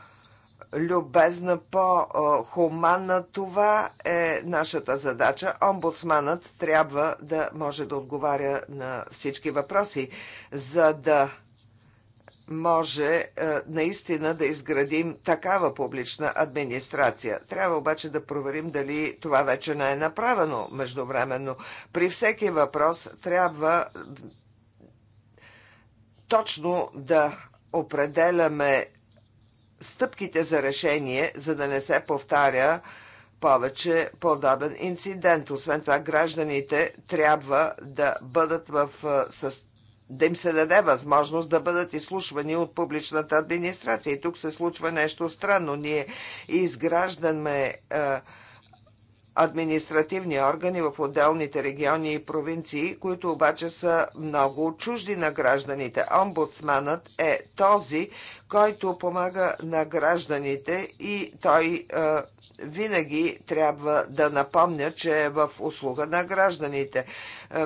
любезна, по-хуманна. Това е нашата задача. Омбудсманът трябва да може да отговаря на всички въпроси, за да може е, наистина да изградим такава публична администрация. Трябва обаче да проверим дали това вече не е направено междувременно. При всеки въпрос трябва точно да определяме стъпките за решение, за да не се повтаря повече подобен инцидент. Освен това, гражданите трябва да бъдат в състояние да им се даде възможност да бъдат изслушвани от публичната администрация. И тук се случва нещо странно. Ние изграждаме а, административни органи в отделните региони и провинции, които обаче са много чужди на гражданите. Омбудсманът е този, който помага на гражданите и той е, винаги трябва да напомня, че е в услуга на гражданите.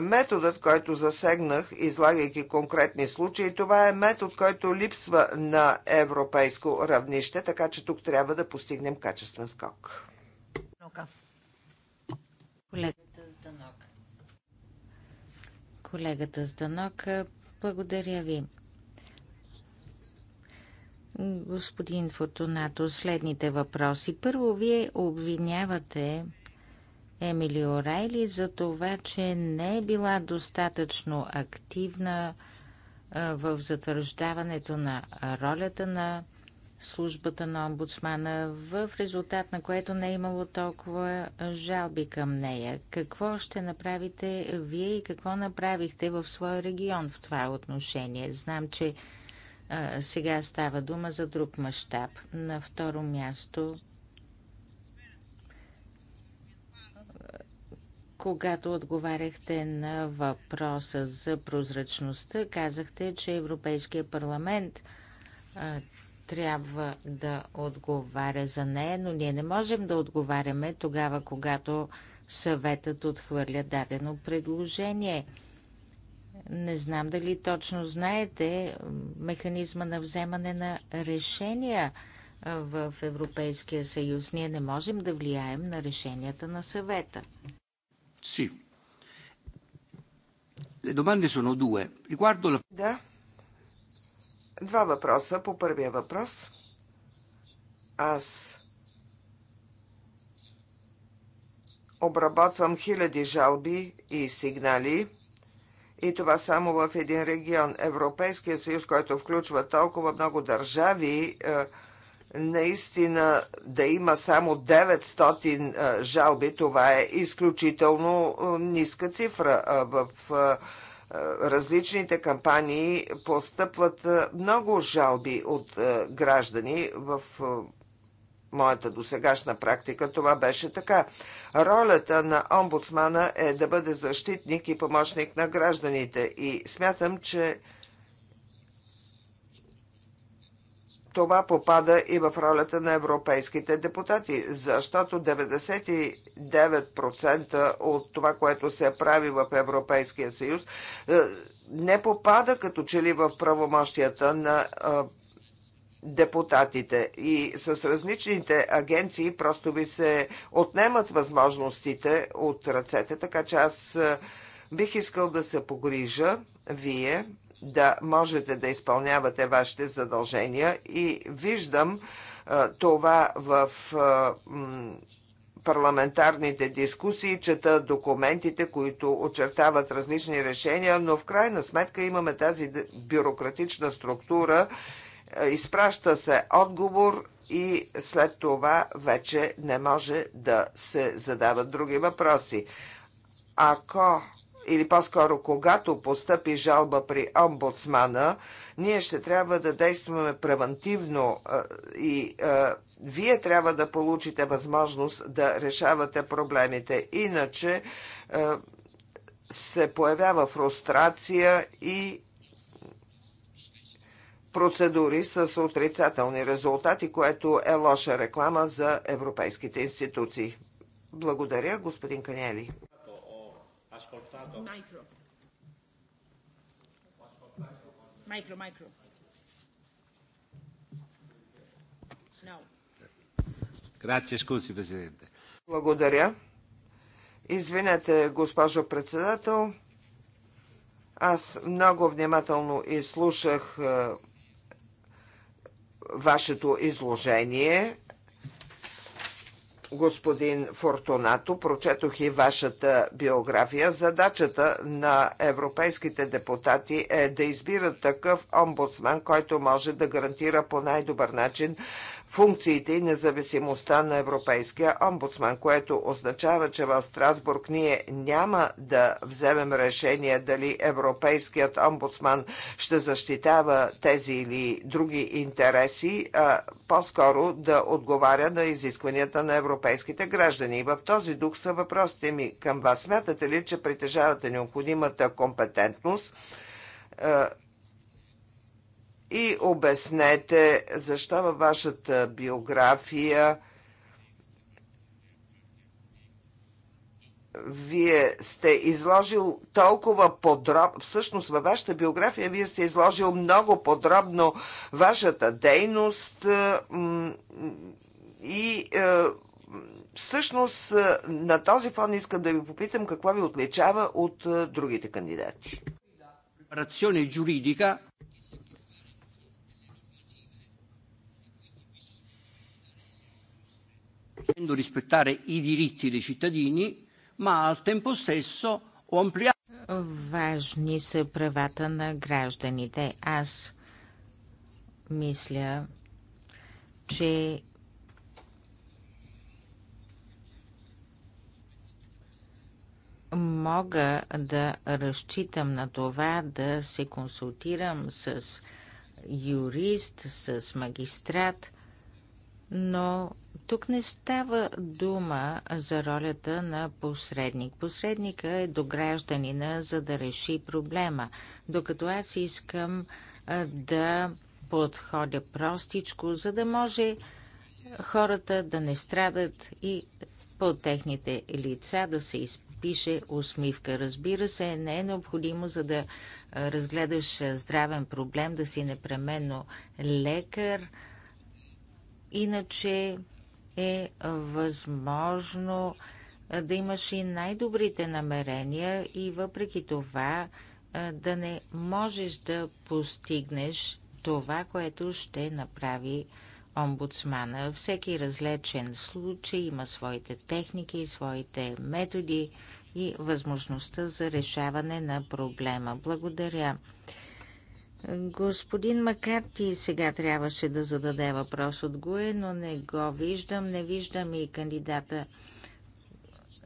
Методът, който засегнах, излагайки конкретни случаи, това е метод, който липсва на европейско равнище, така че тук трябва да постигнем качествен скок. Okay. Колегата Зданок. Колегата Зданок, благодаря ви. Господин Фортунато, следните въпроси. Първо, вие обвинявате Емили Орайли за това, че не е била достатъчно активна в затвърждаването на ролята на службата на омбудсмана, в резултат на което не е имало толкова жалби към нея. Какво ще направите вие и какво направихте в своя регион в това отношение? Знам, че а, сега става дума за друг мащаб. На второ място, когато отговаряхте на въпроса за прозрачността, казахте, че Европейския парламент трябва да отговаря за нея, но ние не можем да отговаряме тогава, когато съветът отхвърля дадено предложение. Не знам дали точно знаете механизма на вземане на решения в Европейския съюз. Ние не можем да влияем на решенията на съвета. Си. Le domande sono due. Riguardo la... Да, Два въпроса. По първия въпрос, аз обработвам хиляди жалби и сигнали и това само в един регион. Европейския съюз, който включва толкова много държави, е, наистина да има само 900 е, жалби, това е изключително е, ниска цифра в различните кампании постъпват много жалби от граждани в моята досегашна практика това беше така. Ролята на омбудсмана е да бъде защитник и помощник на гражданите и смятам, че това попада и в ролята на европейските депутати, защото 99% от това, което се прави в Европейския съюз, е, не попада като че ли в правомощията на депутатите и с различните агенции просто ви се отнемат възможностите от ръцете, така че аз бих искал да се погрижа вие да можете да изпълнявате вашите задължения и виждам това в парламентарните дискусии, чета документите, които очертават различни решения, но в крайна сметка имаме тази бюрократична структура, изпраща се отговор и след това вече не може да се задават други въпроси. Ако или по-скоро когато постъпи жалба при омбудсмана, ние ще трябва да действаме превентивно и вие трябва да получите възможност да решавате проблемите. Иначе се появява фрустрация и процедури с отрицателни резултати, което е лоша реклама за европейските институции. Благодаря, господин Канели ascoltato... Micro. Ho Micro, micro. No. Grazie, scusi, Presidente. Благодаря. Извинете, госпожо председател. Аз много внимателно изслушах е, вашето изложение господин Фортунато. Прочетох и вашата биография. Задачата на европейските депутати е да избират такъв омбудсман, който може да гарантира по най-добър начин функциите и независимостта на Европейския омбудсман, което означава, че в Страсбург ние няма да вземем решение дали Европейският омбудсман ще защитава тези или други интереси, а по-скоро да отговаря на изискванията на европейските граждани. И в този дух са въпросите ми към вас. Смятате ли, че притежавате необходимата компетентност? и обяснете защо във вашата биография вие сте изложил толкова подробно, всъщност във вашата биография вие сте изложил много подробно вашата дейност е, и е, всъщност е, на този фон искам да ви попитам какво ви отличава от другите кандидати. Рационе юридика Важни са правата на гражданите. Аз мисля, че мога да разчитам на това да се консултирам с юрист, с магистрат, но тук не става дума за ролята на посредник. Посредника е до гражданина, за да реши проблема. Докато аз искам да подходя простичко, за да може хората да не страдат и по техните лица да се изпише усмивка. Разбира се, не е необходимо, за да разгледаш здравен проблем, да си непременно лекар. Иначе е възможно да имаш и най-добрите намерения и въпреки това да не можеш да постигнеш това, което ще направи омбудсмана. Всеки различен случай има своите техники, своите методи и възможността за решаване на проблема. Благодаря Господин Макарти сега трябваше да зададе въпрос от Гуе, но не го виждам. Не виждам и кандидата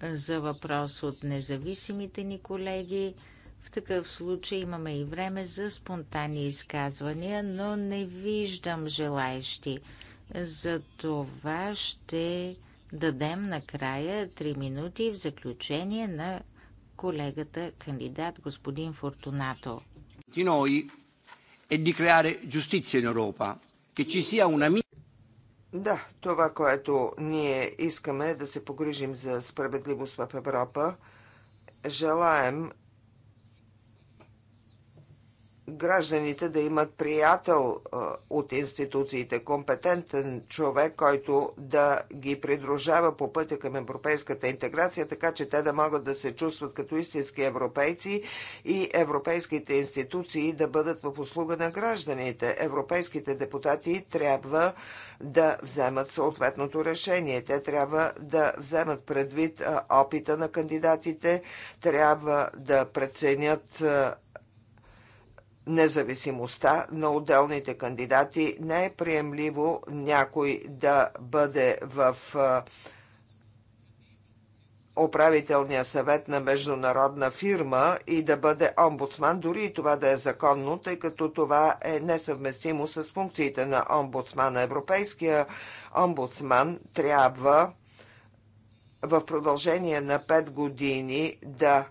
за въпрос от независимите ни колеги. В такъв случай имаме и време за спонтанни изказвания, но не виждам желаещи. За това ще дадем накрая 3 минути в заключение на колегата кандидат господин Фортунато е di creare giustizia in Europa. Che ci sia una да, това, което ние искаме е да се погрижим за справедливост в Европа. Желаем гражданите да имат приятел от институциите, компетентен човек, който да ги придружава по пътя към европейската интеграция, така че те да могат да се чувстват като истински европейци и европейските институции да бъдат в услуга на гражданите. Европейските депутати трябва да вземат съответното решение. Те трябва да вземат предвид опита на кандидатите, трябва да преценят независимостта на отделните кандидати. Не е приемливо някой да бъде в управителния съвет на международна фирма и да бъде омбудсман, дори и това да е законно, тъй като това е несъвместимо с функциите на омбудсмана. Европейския омбудсман трябва в продължение на 5 години да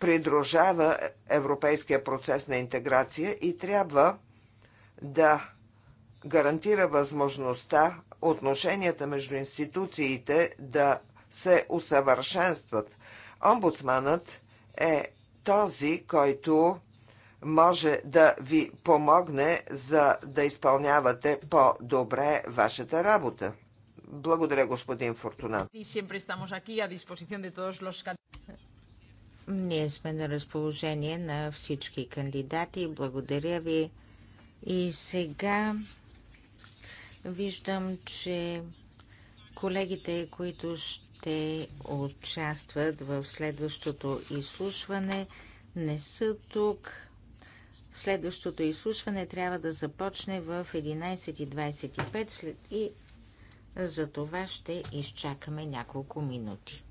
придружава европейския процес на интеграция и трябва да гарантира възможността отношенията между институциите да се усъвършенстват. Омбудсманът е този, който може да ви помогне за да изпълнявате по-добре вашата работа. Благодаря, господин Фортуна. Ние сме на разположение на всички кандидати. Благодаря ви. И сега виждам, че колегите, които ще участват в следващото изслушване, не са тук. Следващото изслушване трябва да започне в 11.25 и за това ще изчакаме няколко минути.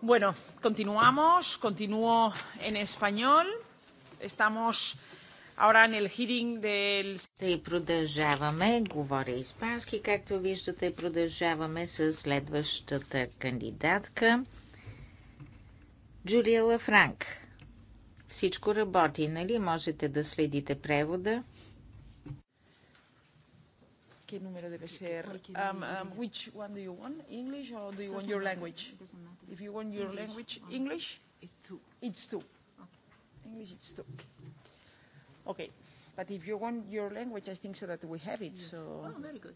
Bueno, continuamos, continúo en español. Estamos ahora en el hearing del... Тъй продължаваме, говоря испански, както виждате, продължаваме с следващата кандидатка. Джулия Лафранк. Всичко работи, нали? Можете да следите превода qué número debe ser? Um, um, which one do you want? English or do you want your language? If you want your language, English? It's two. It's two. English, it's two. Okay. But if you want your language, I think so that we have it. So. Oh, very good.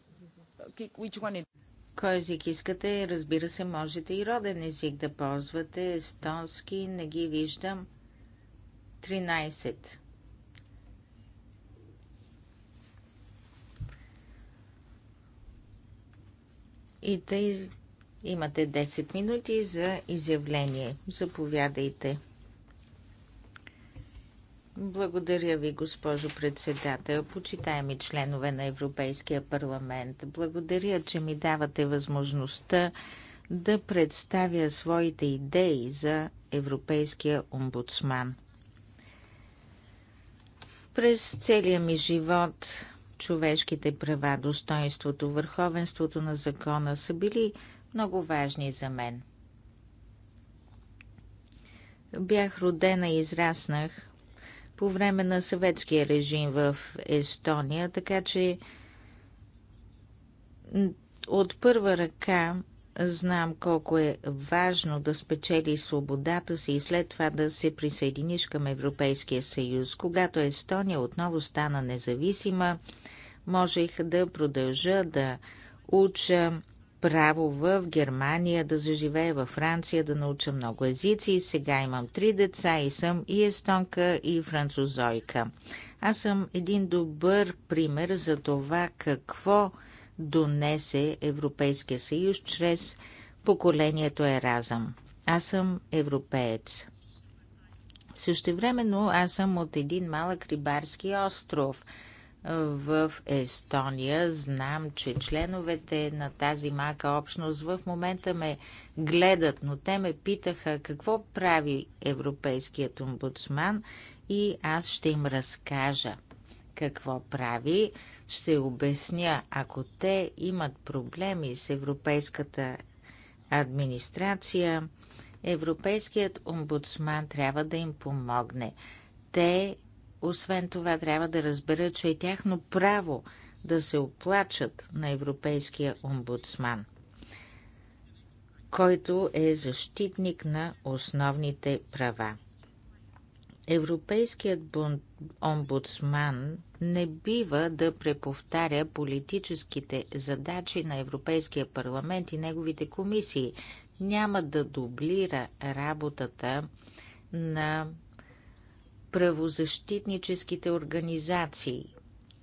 Okay, which one is? Кой език искате? Разбира се, можете и роден език да ползвате. Естонски не ги виждам. 13. И тъй имате 10 минути за изявление. Заповядайте. Благодаря ви, госпожо председател, почитаеми членове на Европейския парламент. Благодаря, че ми давате възможността да представя своите идеи за Европейския омбудсман. През целия ми живот човешките права, достоинството, върховенството на закона са били много важни за мен. Бях родена и израснах по време на съветския режим в Естония, така че от първа ръка знам колко е важно да спечели свободата си и след това да се присъединиш към Европейския съюз. Когато Естония отново стана независима, можех да продължа да уча право в Германия, да заживея във Франция, да науча много езици. Сега имам три деца и съм и естонка, и французойка. Аз съм един добър пример за това какво донесе Европейския съюз чрез поколението Еразъм. Аз съм европеец. Същевременно аз съм от един малък рибарски остров – в Естония. Знам, че членовете на тази мака общност в момента ме гледат, но те ме питаха какво прави Европейският омбудсман и аз ще им разкажа какво прави. Ще обясня, ако те имат проблеми с Европейската администрация, Европейският омбудсман трябва да им помогне. Те освен това, трябва да разберат, че е тяхно право да се оплачат на Европейския омбудсман, който е защитник на основните права. Европейският омбудсман не бива да преповтаря политическите задачи на Европейския парламент и неговите комисии. Няма да дублира работата на правозащитническите организации,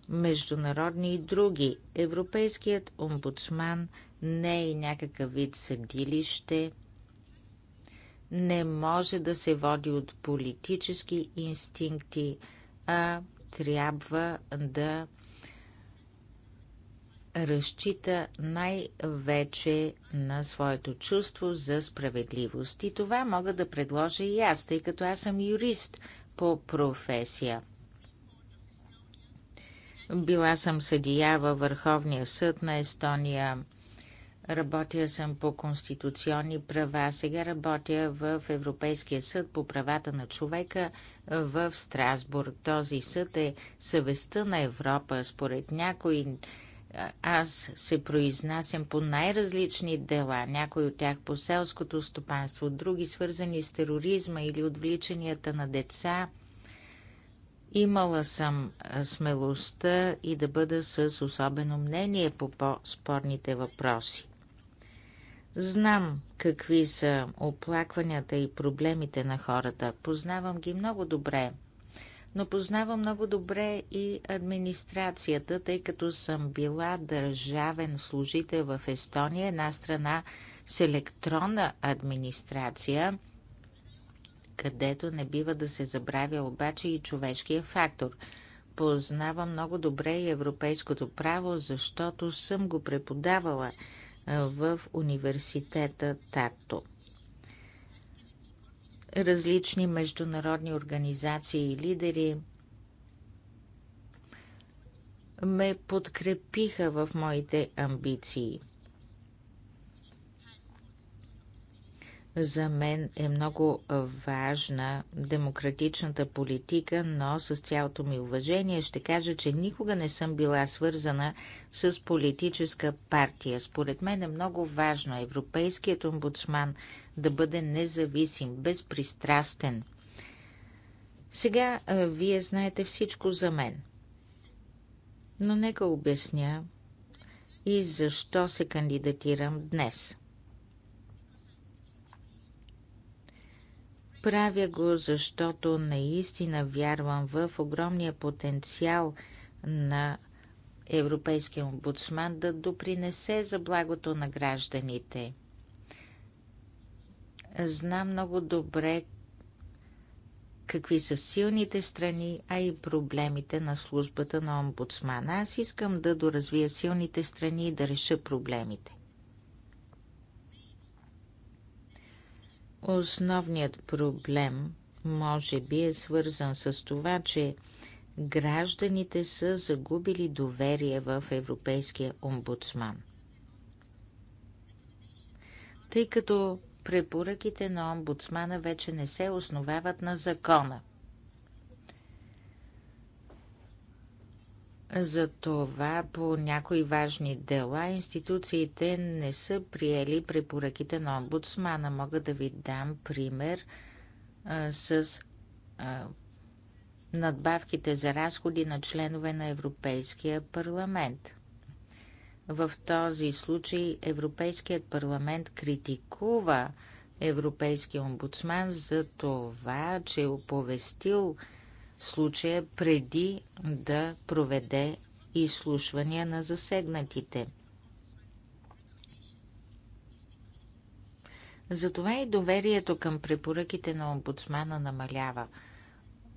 международни и други. Европейският омбудсман не е някакъв вид съдилище, не може да се води от политически инстинкти, а трябва да разчита най-вече на своето чувство за справедливост. И това мога да предложа и аз, тъй като аз съм юрист по професия. Била съм съдия във Върховния съд на Естония. Работя съм по конституционни права. Сега работя в Европейския съд по правата на човека в Страсбург. Този съд е съвестта на Европа. Според някои аз се произнасям по най-различни дела, някои от тях по селското стопанство, други свързани с тероризма или отвличанията на деца. Имала съм смелостта и да бъда с особено мнение по по-спорните въпроси. Знам какви са оплакванията и проблемите на хората. Познавам ги много добре – но познавам много добре и администрацията, тъй като съм била държавен служител в Естония, една страна с електронна администрация, където не бива да се забравя обаче и човешкия фактор. Познавам много добре и европейското право, защото съм го преподавала в университета Тарто различни международни организации и лидери ме подкрепиха в моите амбиции. За мен е много важна демократичната политика, но с цялото ми уважение ще кажа, че никога не съм била свързана с политическа партия. Според мен е много важно Европейският омбудсман да бъде независим, безпристрастен. Сега вие знаете всичко за мен. Но нека обясня и защо се кандидатирам днес. Правя го, защото наистина вярвам в огромния потенциал на Европейския омбудсман да допринесе за благото на гражданите – Знам много добре какви са силните страни, а и проблемите на службата на омбудсмана. Аз искам да доразвия силните страни и да реша проблемите. Основният проблем, може би, е свързан с това, че гражданите са загубили доверие в Европейския омбудсман. Тъй като препоръките на омбудсмана вече не се основават на закона. Затова по някои важни дела институциите не са приели препоръките на омбудсмана. Мога да ви дам пример а, с а, надбавките за разходи на членове на Европейския парламент – в този случай Европейският парламент критикува Европейския омбудсман за това, че е оповестил случая преди да проведе изслушвания на засегнатите. Затова и доверието към препоръките на омбудсмана намалява –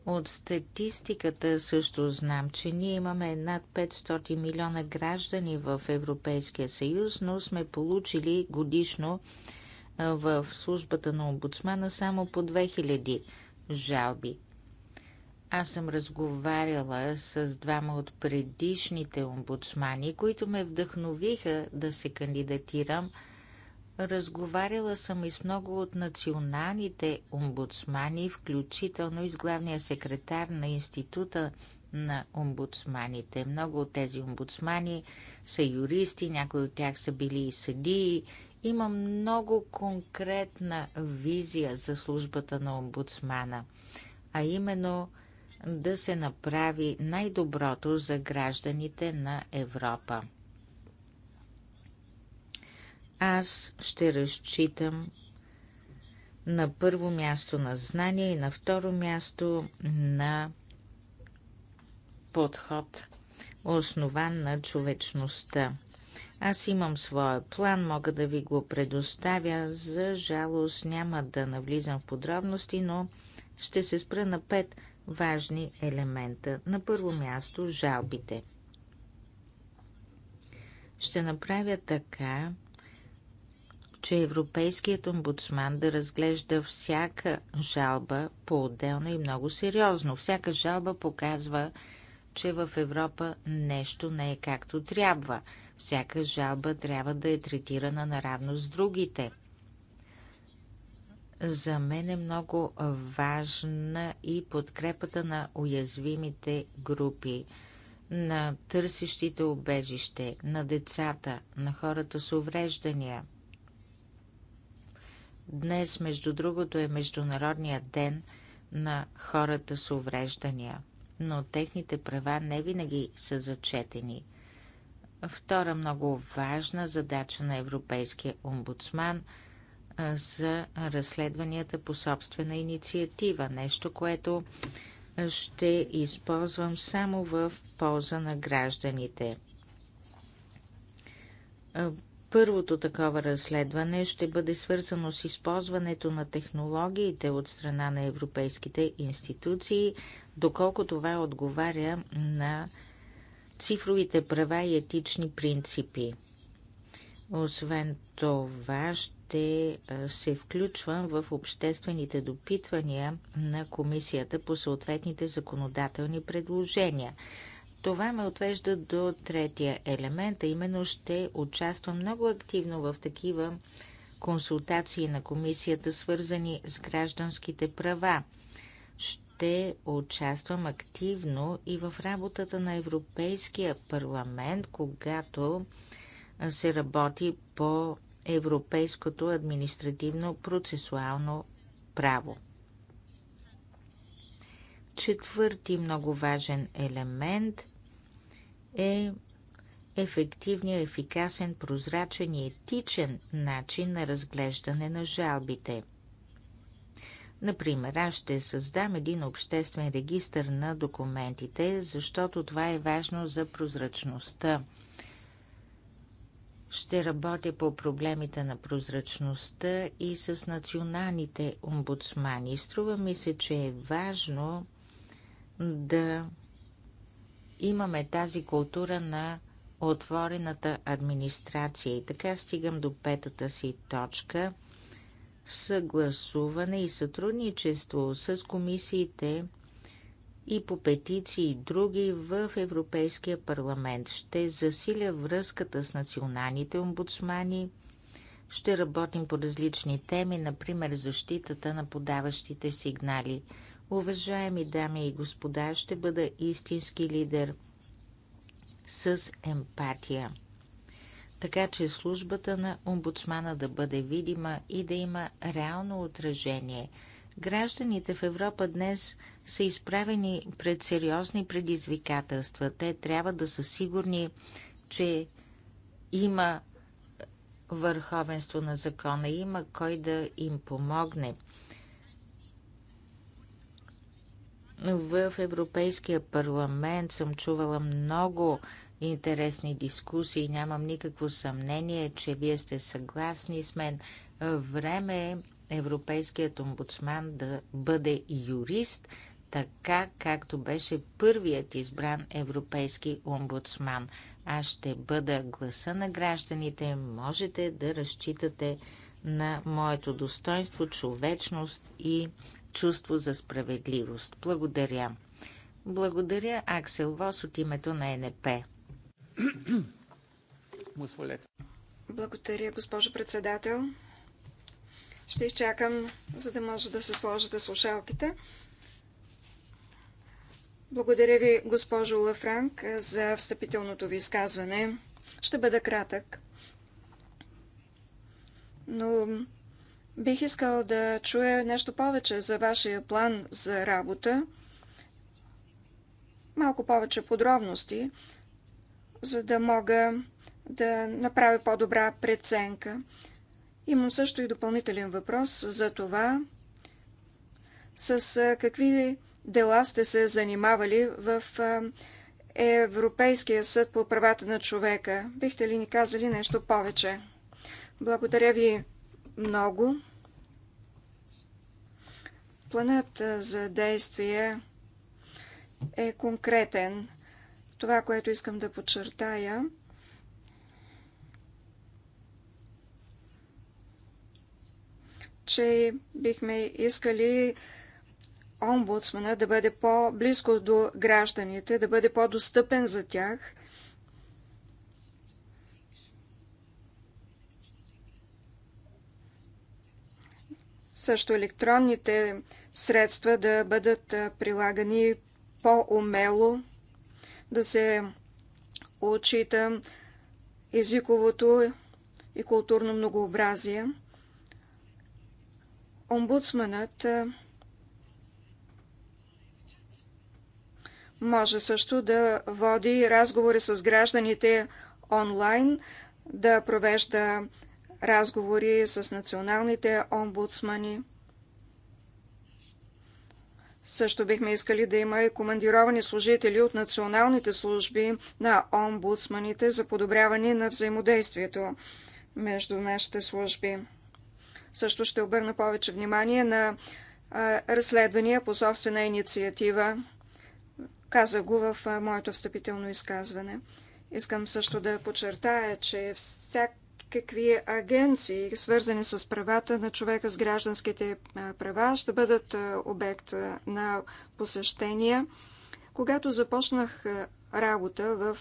от статистиката също знам, че ние имаме над 500 милиона граждани в Европейския съюз, но сме получили годишно в службата на омбудсмана само по 2000 жалби. Аз съм разговаряла с двама от предишните омбудсмани, които ме вдъхновиха да се кандидатирам – Разговаряла съм и с много от националните омбудсмани, включително и с главния секретар на Института на омбудсманите. Много от тези омбудсмани са юристи, някои от тях са били и съдии. Има много конкретна визия за службата на омбудсмана, а именно да се направи най-доброто за гражданите на Европа. Аз ще разчитам на първо място на знание и на второ място на подход, основан на човечността. Аз имам своя план, мога да ви го предоставя. За жалост няма да навлизам в подробности, но ще се спра на пет важни елемента. На първо място жалбите. Ще направя така, че Европейският омбудсман да разглежда всяка жалба по-отделно и много сериозно. Всяка жалба показва, че в Европа нещо не е както трябва. Всяка жалба трябва да е третирана наравно с другите. За мен е много важна и подкрепата на уязвимите групи на търсещите убежище, на децата, на хората с увреждания – Днес, между другото, е Международният ден на хората с увреждания, но техните права не винаги са зачетени. Втора много важна задача на Европейския омбудсман за разследванията по собствена инициатива, нещо, което ще използвам само в полза на гражданите Първото такова разследване ще бъде свързано с използването на технологиите от страна на европейските институции, доколко това отговаря на цифровите права и етични принципи. Освен това, ще се включвам в обществените допитвания на комисията по съответните законодателни предложения. Това ме отвежда до третия елемент, а именно ще участвам много активно в такива консултации на комисията, свързани с гражданските права. Ще участвам активно и в работата на Европейския парламент, когато се работи по европейското административно процесуално право. Четвърти много важен елемент е ефективният, ефикасен, прозрачен и етичен начин на разглеждане на жалбите. Например, аз ще създам един обществен регистр на документите, защото това е важно за прозрачността. Ще работя по проблемите на прозрачността и с националните омбудсмани. Струва ми се, че е важно да имаме тази култура на отворената администрация. И така стигам до петата си точка съгласуване и сътрудничество с комисиите и по петиции и други в Европейския парламент. Ще засиля връзката с националните омбудсмани. Ще работим по различни теми, например защитата на подаващите сигнали – Уважаеми дами и господа, ще бъда истински лидер с емпатия. Така че службата на омбудсмана да бъде видима и да има реално отражение. Гражданите в Европа днес са изправени пред сериозни предизвикателства. Те трябва да са сигурни, че има върховенство на закона, има кой да им помогне – В Европейския парламент съм чувала много интересни дискусии. Нямам никакво съмнение, че вие сте съгласни с мен. Време е Европейският омбудсман да бъде юрист, така както беше първият избран европейски омбудсман. Аз ще бъда гласа на гражданите. Можете да разчитате на моето достоинство, човечност и чувство за справедливост. Благодаря. Благодаря, Аксел Вос, от името на НП. Благодаря, госпожо председател. Ще изчакам, за да може да се сложите слушалките. Благодаря ви, госпожо Лафранк, за встъпителното ви изказване. Ще бъда кратък. Но Бих искал да чуя нещо повече за вашия план за работа, малко повече подробности, за да мога да направя по-добра преценка. Имам също и допълнителен въпрос за това, с какви дела сте се занимавали в Европейския съд по правата на човека. Бихте ли ни казали нещо повече? Благодаря ви много. Планът за действие е конкретен. Това, което искам да подчертая, че бихме искали омбудсмана да бъде по-близко до гражданите, да бъде по-достъпен за тях – също електронните средства да бъдат прилагани по-умело, да се отчита езиковото и културно многообразие. Омбудсманът може също да води разговори с гражданите онлайн, да провежда разговори с националните омбудсмани. Също бихме искали да има и командировани служители от националните служби на омбудсманите за подобряване на взаимодействието между нашите служби. Също ще обърна повече внимание на разследвания по собствена инициатива. Каза го в моето встъпително изказване. Искам също да подчертая, че всяк какви агенции, свързани с правата на човека с гражданските права, ще бъдат обект на посещения. Когато започнах работа в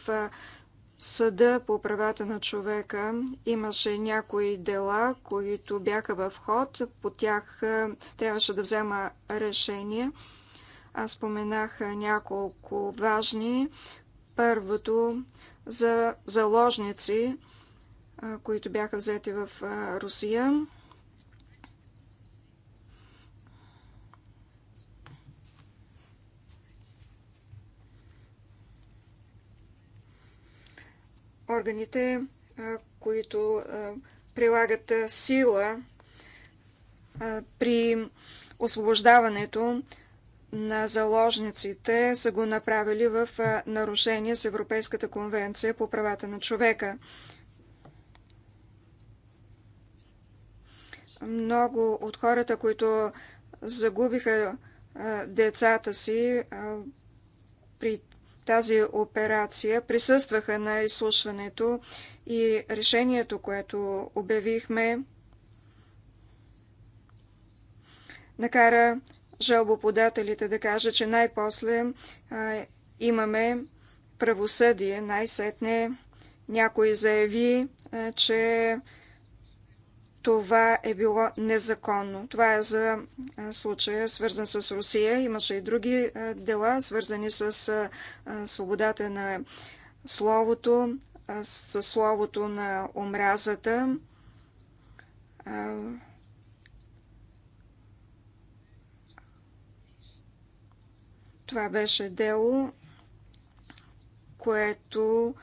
Съда по правата на човека имаше някои дела, които бяха в ход. По тях трябваше да взема решение. Аз споменах няколко важни. Първото за заложници, които бяха взети в Русия. Органите, които прилагат сила при освобождаването на заложниците са го направили в нарушение с Европейската конвенция по правата на човека. Много от хората, които загубиха децата си при тази операция, присъстваха на изслушването и решението, което обявихме, накара жалбоподателите да кажат, че най-после имаме правосъдие. Най-сетне някой заяви, а, че това е било незаконно. Това е за случая, свързан с Русия. Имаше и други дела, свързани с свободата на словото, с словото на омразата. Това беше дело, което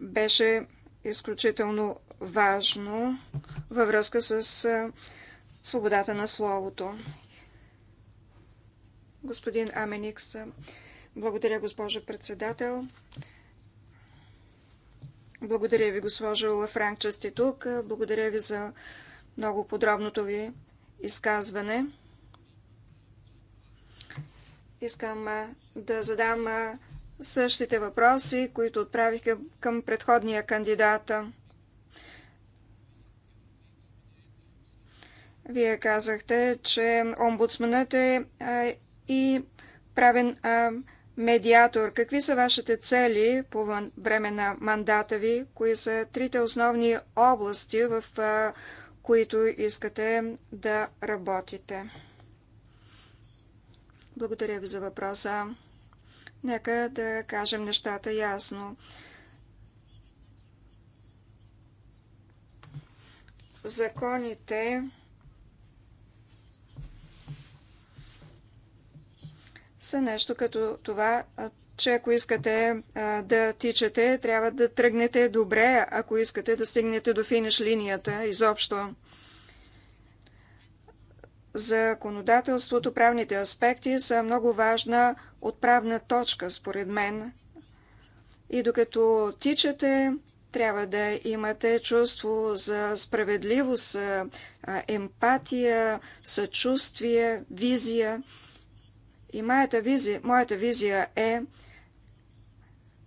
беше изключително важно във връзка с свободата на словото. Господин Аменикс, благодаря, госпожа председател. Благодаря ви, госпожо Лафранк, че сте тук. Благодаря ви за много подробното ви изказване. Искам да задам същите въпроси, които отправих към предходния кандидата. Вие казахте, че омбудсманът е и правен медиатор. Какви са вашите цели по време на мандата ви? Кои са трите основни области, в които искате да работите? Благодаря ви за въпроса. Нека да кажем нещата ясно. Законите са нещо като това, че ако искате да тичате, трябва да тръгнете добре, ако искате да стигнете до финиш линията изобщо. Законодателството, правните аспекти са много важна отправна точка, според мен. И докато тичате, трябва да имате чувство за справедливост, емпатия, съчувствие, визия – и моята визия, моята визия е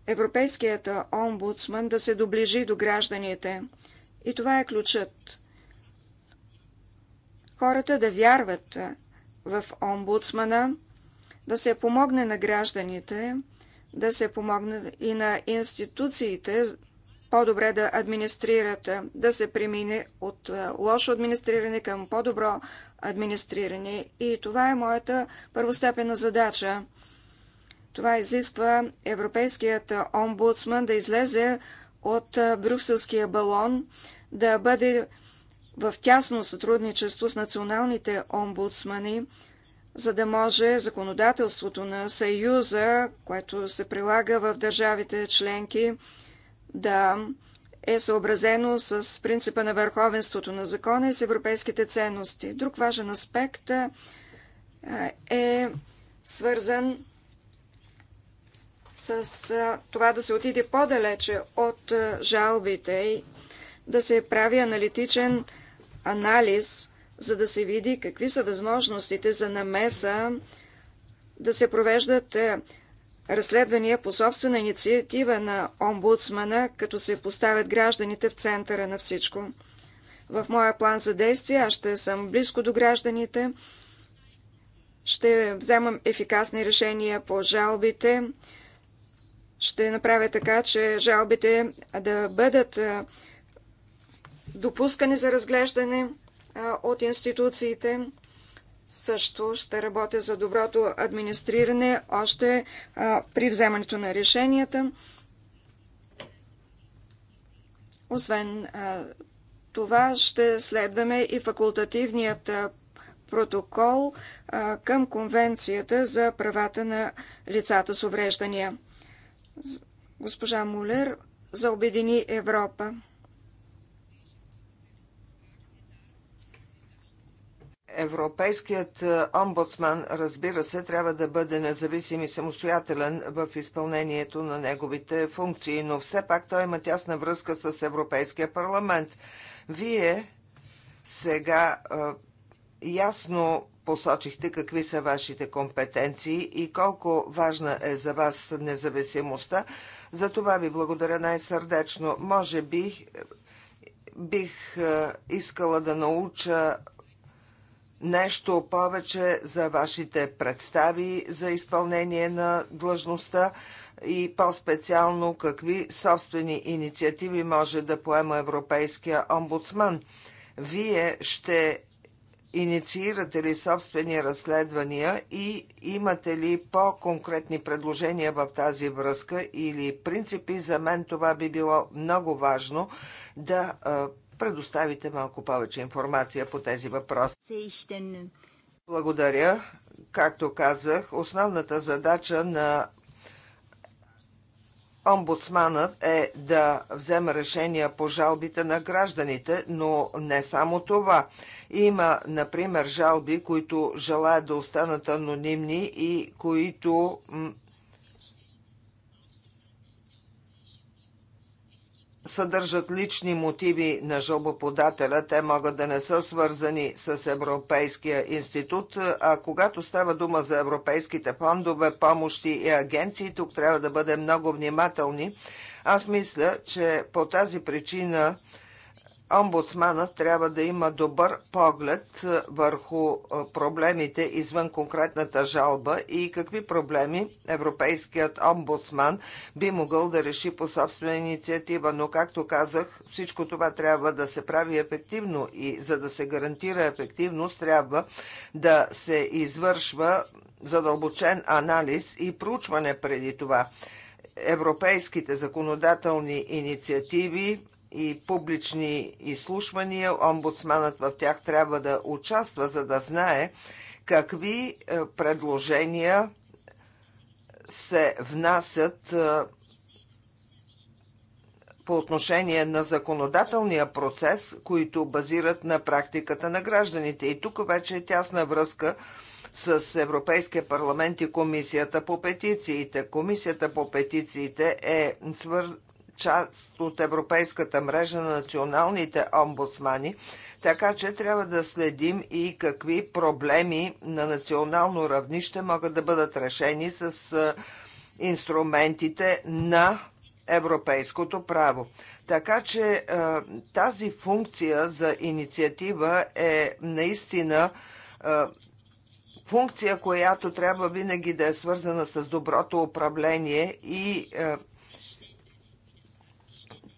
Европейският омбудсман да се доближи до гражданите. И това е ключът. Хората да вярват в омбудсмана, да се помогне на гражданите, да се помогне и на институциите по-добре да администрират, да се премине от лошо администриране към по-добро администриране. И това е моята първостепенна задача. Това изисква Европейският омбудсман да излезе от брюкселския балон, да бъде в тясно сътрудничество с националните омбудсмани, за да може законодателството на Съюза, което се прилага в държавите членки, да е съобразено с принципа на върховенството на закона и с европейските ценности. Друг важен аспект е свързан с това да се отиде по-далече от жалбите и да се прави аналитичен анализ, за да се види какви са възможностите за намеса, да се провеждат разследвания по собствена инициатива на омбудсмана, като се поставят гражданите в центъра на всичко. В моя план за действие аз ще съм близко до гражданите, ще вземам ефикасни решения по жалбите, ще направя така, че жалбите да бъдат допускани за разглеждане от институциите също ще работя за доброто администриране още а, при вземането на решенията. Освен а, това, ще следваме и факултативният а, протокол а, към Конвенцията за правата на лицата с увреждания. Госпожа Мулер за Обедини Европа. Европейският е, омбудсман, разбира се, трябва да бъде независим и самостоятелен в изпълнението на неговите функции, но все пак той има тясна връзка с Европейския парламент. Вие сега е, ясно посочихте какви са вашите компетенции и колко важна е за вас независимостта. За това ви благодаря най-сърдечно. Може би е, бих искала да науча нещо повече за вашите представи за изпълнение на длъжността и по-специално какви собствени инициативи може да поема Европейския омбудсман. Вие ще инициирате ли собствени разследвания и имате ли по-конкретни предложения в тази връзка или принципи? За мен това би било много важно да предоставите малко повече информация по тези въпроси. Благодаря. Както казах, основната задача на Омбудсманът е да взема решения по жалбите на гражданите, но не само това. Има, например, жалби, които желаят да останат анонимни и които съдържат лични мотиви на жалбоподателя, те могат да не са свързани с Европейския институт, а когато става дума за европейските фондове, помощи и агенции, тук трябва да бъдем много внимателни. Аз мисля, че по тази причина омбудсманът трябва да има добър поглед е, върху е, проблемите извън конкретната жалба и какви проблеми Европейският омбудсман би могъл да реши по собствена инициатива. Но, както казах, всичко това трябва да се прави ефективно и за да се гарантира ефективност, трябва да се извършва задълбочен анализ и проучване преди това европейските законодателни инициативи и публични изслушвания, омбудсманът в тях трябва да участва, за да знае какви е, предложения се внасят е, по отношение на законодателния процес, които базират на практиката на гражданите. И тук вече е тясна връзка с Европейския парламент и Комисията по петициите. Комисията по петициите е свързана част от европейската мрежа на националните омбудсмани, така че трябва да следим и какви проблеми на национално равнище могат да бъдат решени с инструментите на европейското право. Така че тази функция за инициатива е наистина функция, която трябва винаги да е свързана с доброто управление и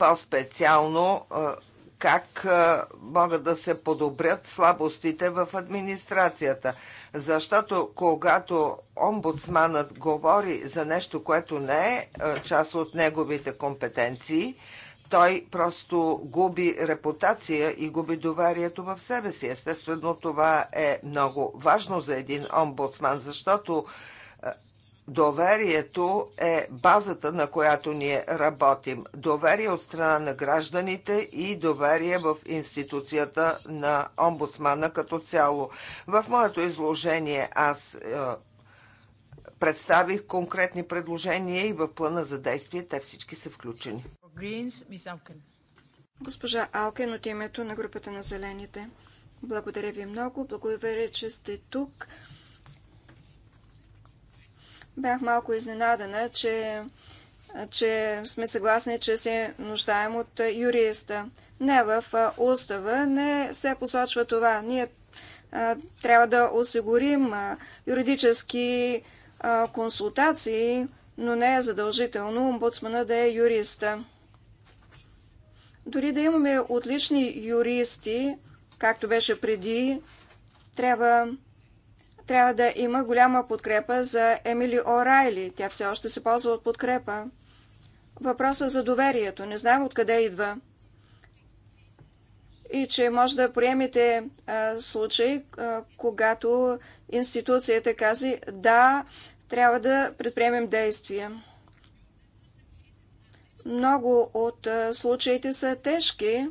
по-специално как могат да се подобрят слабостите в администрацията. Защото когато омбудсманът говори за нещо, което не е част от неговите компетенции, той просто губи репутация и губи доверието в себе си. Естествено, това е много важно за един омбудсман, защото Доверието е базата, на която ние работим. Доверие от страна на гражданите и доверие в институцията на омбудсмана като цяло. В моето изложение аз е, представих конкретни предложения и в плана за действие те всички са включени. Госпожа Алкен от името на групата на Зелените. Благодаря ви много. Благодаря, че сте тук. Бях малко изненадана, че, че сме съгласни, че се нуждаем от юриста. Не в устава не се посочва това. Ние трябва да осигурим юридически консултации, но не е задължително омбудсмана да е юриста. Дори да имаме отлични юристи, както беше преди, трябва трябва да има голяма подкрепа за Емили Орайли. Тя все още се ползва от подкрепа. Въпросът за доверието. Не знаем откъде идва. И че може да приемете а, случай, а, когато институцията кази да, трябва да предприемем действия. Много от а, случаите са тежки.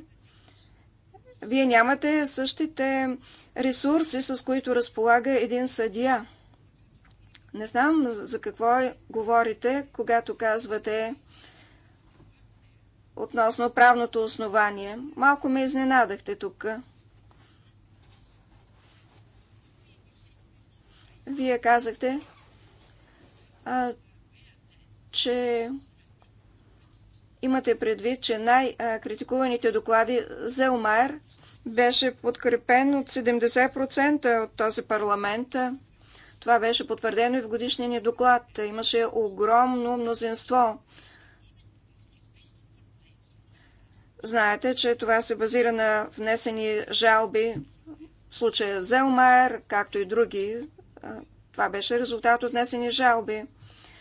Вие нямате същите а, ресурси, с които разполага един съдия. Не знам за какво е- говорите, когато казвате относно правното основание. Малко ме изненадахте тук. Вие казахте, а, че имате предвид, че най-критикуваните доклади Зелмайер беше подкрепен от 70% от този парламент. Това беше потвърдено и в годишния ни доклад. Имаше огромно мнозинство. Знаете, че това се базира на внесени жалби в случая Зелмайер, както и други. Това беше резултат от внесени жалби.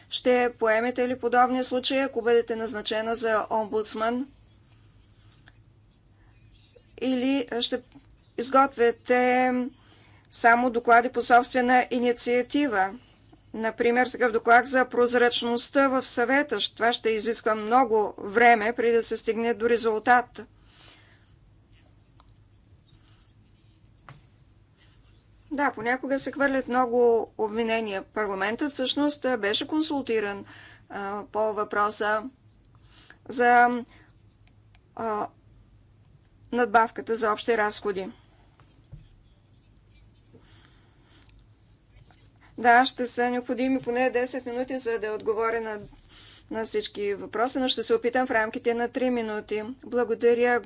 Ще поемете ли подобния случаи, ако бъдете назначена за омбудсман? или ще изготвяте само доклади по собствена инициатива. Например, такъв доклад за прозрачността в съвета. Това ще изисква много време, преди да се стигне до резултат. Да, понякога се хвърлят много обвинения. Парламентът всъщност беше консултиран а, по въпроса за а, надбавката за общи разходи. Да, ще са необходими поне 10 минути, за да отговоря на, на всички въпроси, но ще се опитам в рамките на 3 минути. Благодаря.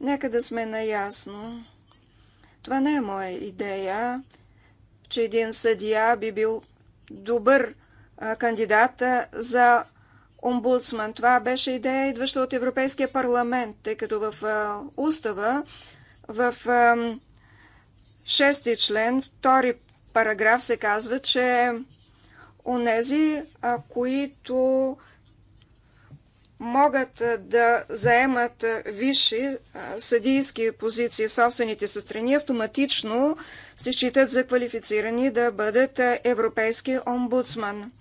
Нека да сме наясно. Това не е моя идея, че един съдия би бил добър кандидат за омбудсман. Това беше идея, идваща от Европейския парламент, тъй като в устава, в шести член, втори параграф се казва, че онези, които могат да заемат висши съдийски позиции в собствените си страни, автоматично се считат за квалифицирани да бъдат европейски омбудсман.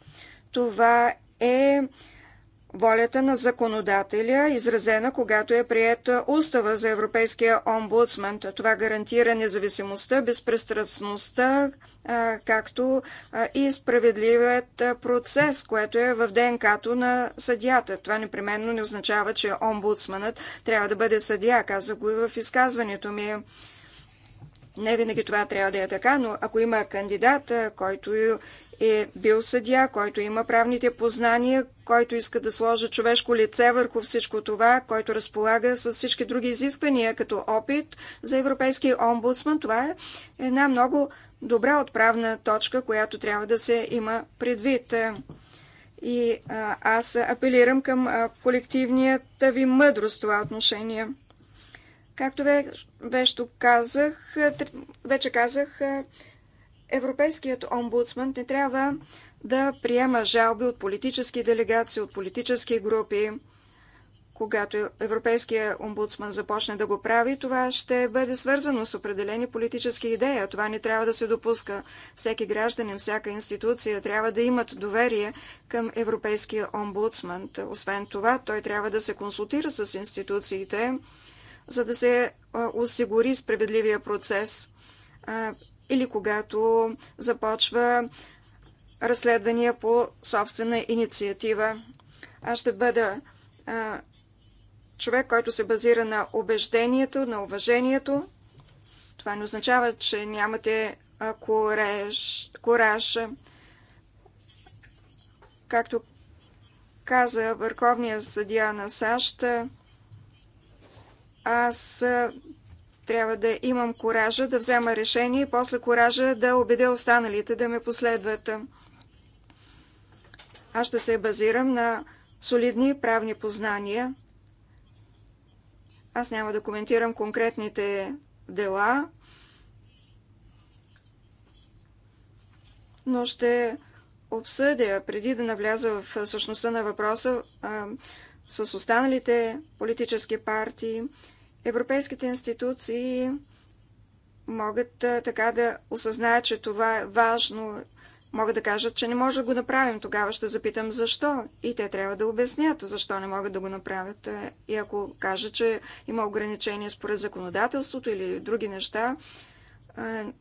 Това е волята на законодателя, изразена когато е прият устава за Европейския омбудсмен. Това гарантира независимостта, безпристрастността, както и справедливият процес, което е в ДНК-то на съдията. Това непременно не означава, че омбудсманът трябва да бъде съдия, каза го и в изказването ми. Не винаги това трябва да е така, но ако има кандидат, който е бил съдия, който има правните познания, който иска да сложи човешко лице върху всичко това, който разполага с всички други изисквания като опит за европейски омбудсман. Това е една много добра отправна точка, която трябва да се има предвид. И а, аз апелирам към а, колективнията ви мъдрост в това отношение. Както вече казах, вече казах Европейският омбудсман не трябва да приема жалби от политически делегации, от политически групи. Когато Европейския омбудсман започне да го прави, това ще бъде свързано с определени политически идеи, това не трябва да се допуска. Всеки гражданин, всяка институция трябва да имат доверие към Европейския омбудсман. Освен това, той трябва да се консултира с институциите, за да се осигури справедливия процес или когато започва разследвания по собствена инициатива. Аз ще бъда а, човек, който се базира на убеждението, на уважението. Това не означава, че нямате а, кореш, кураж. Както каза Върховния съдия на САЩ, аз трябва да имам коража да взема решение и после коража да убедя останалите да ме последват. Аз ще се базирам на солидни правни познания. Аз няма да коментирам конкретните дела, но ще обсъдя, преди да навляза в същността на въпроса, с останалите политически партии Европейските институции могат така да осъзнаят, че това е важно. Могат да кажат, че не може да го направим. Тогава ще запитам защо. И те трябва да обяснят защо не могат да го направят. И ако кажа, че има ограничения според законодателството или други неща,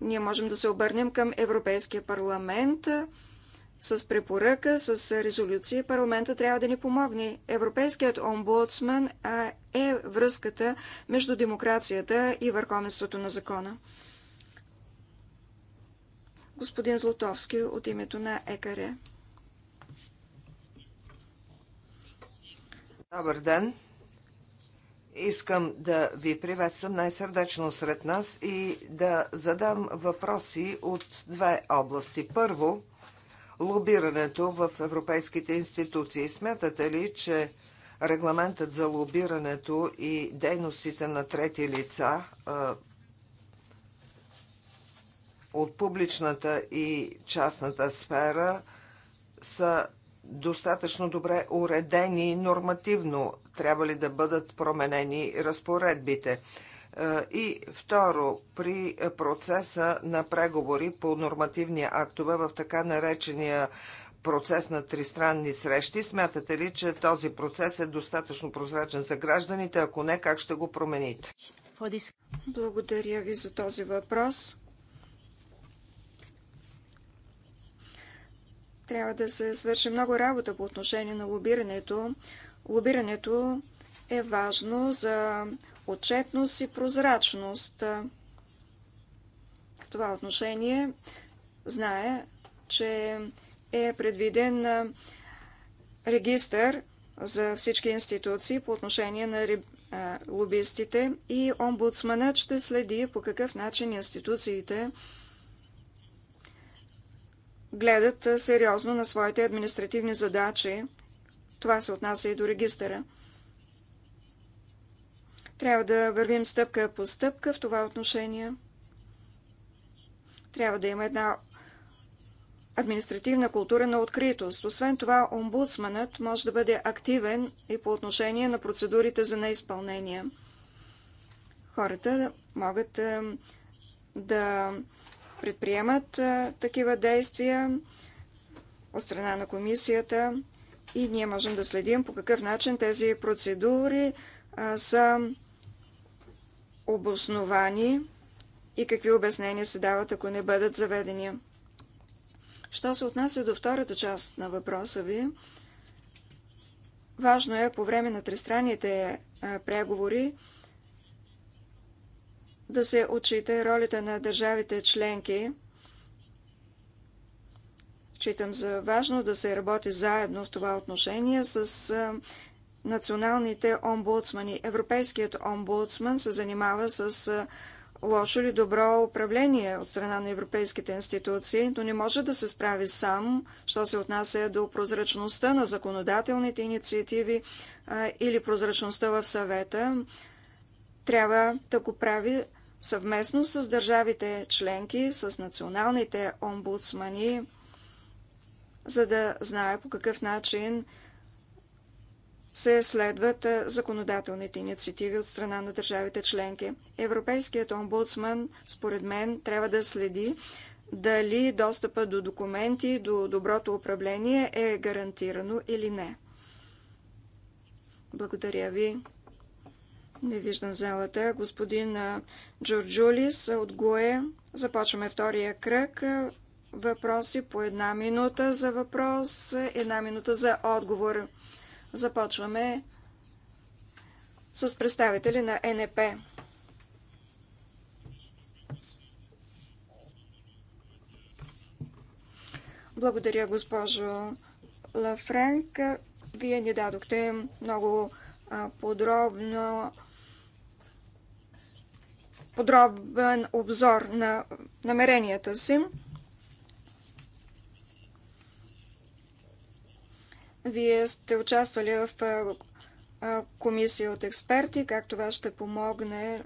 ние можем да се обърнем към Европейския парламент с препоръка, с резолюции, парламента трябва да ни помогне. Европейският омбудсман е връзката между демокрацията и върховенството на закона. Господин Златовски от името на ЕКАРЕ. Добър ден! Искам да ви приветствам най-сърдечно сред нас и да задам въпроси от две области. Първо, лобирането в европейските институции. Смятате ли, че регламентът за лобирането и дейностите на трети лица от публичната и частната сфера са достатъчно добре уредени нормативно? Трябва ли да бъдат променени разпоредбите? Е, и второ, при процеса на преговори по нормативни актове в така наречения процес на тристранни срещи, смятате ли, че този процес е достатъчно прозрачен за гражданите? Ако не, как ще го промените? Благодаря ви за този въпрос. Трябва да се свърши много работа по отношение на лобирането. Лобирането е важно за отчетност и прозрачност. В това отношение знае, че е предвиден регистър за всички институции по отношение на лобистите и омбудсманът ще следи по какъв начин институциите гледат сериозно на своите административни задачи. Това се отнася и до регистъра. Трябва да вървим стъпка по стъпка в това отношение. Трябва да има една административна култура на откритост. Освен това, омбудсманът може да бъде активен и по отношение на процедурите за неизпълнение. Хората могат е, да предприемат е, такива действия от страна на комисията и ние можем да следим по какъв начин тези процедури е, са обосновани и какви обяснения се дават, ако не бъдат заведени. Що се отнася до втората част на въпроса ви, важно е по време на тристранните е, преговори да се отчита ролята на държавите членки. Читам за важно да се работи заедно в това отношение с е, националните омбудсмани. Европейският омбудсман се занимава с лошо или добро управление от страна на европейските институции, но не може да се справи сам, що се отнася до прозрачността на законодателните инициативи а, или прозрачността в съвета. Трябва да го прави съвместно с държавите членки, с националните омбудсмани, за да знае по какъв начин се следват законодателните инициативи от страна на държавите членки. Европейският омбудсман, според мен, трябва да следи дали достъпа до документи, до доброто управление е гарантирано или не. Благодаря ви. Не виждам залата. Господин Джорджулис от ГУЕ. Започваме втория кръг. Въпроси по една минута за въпрос, една минута за отговор. Започваме с представители на НП. Благодаря, госпожо Лафренк. Вие ни дадохте много подробно подробен обзор на намеренията си. Вие сте участвали в комисия от експерти, как това ще помогне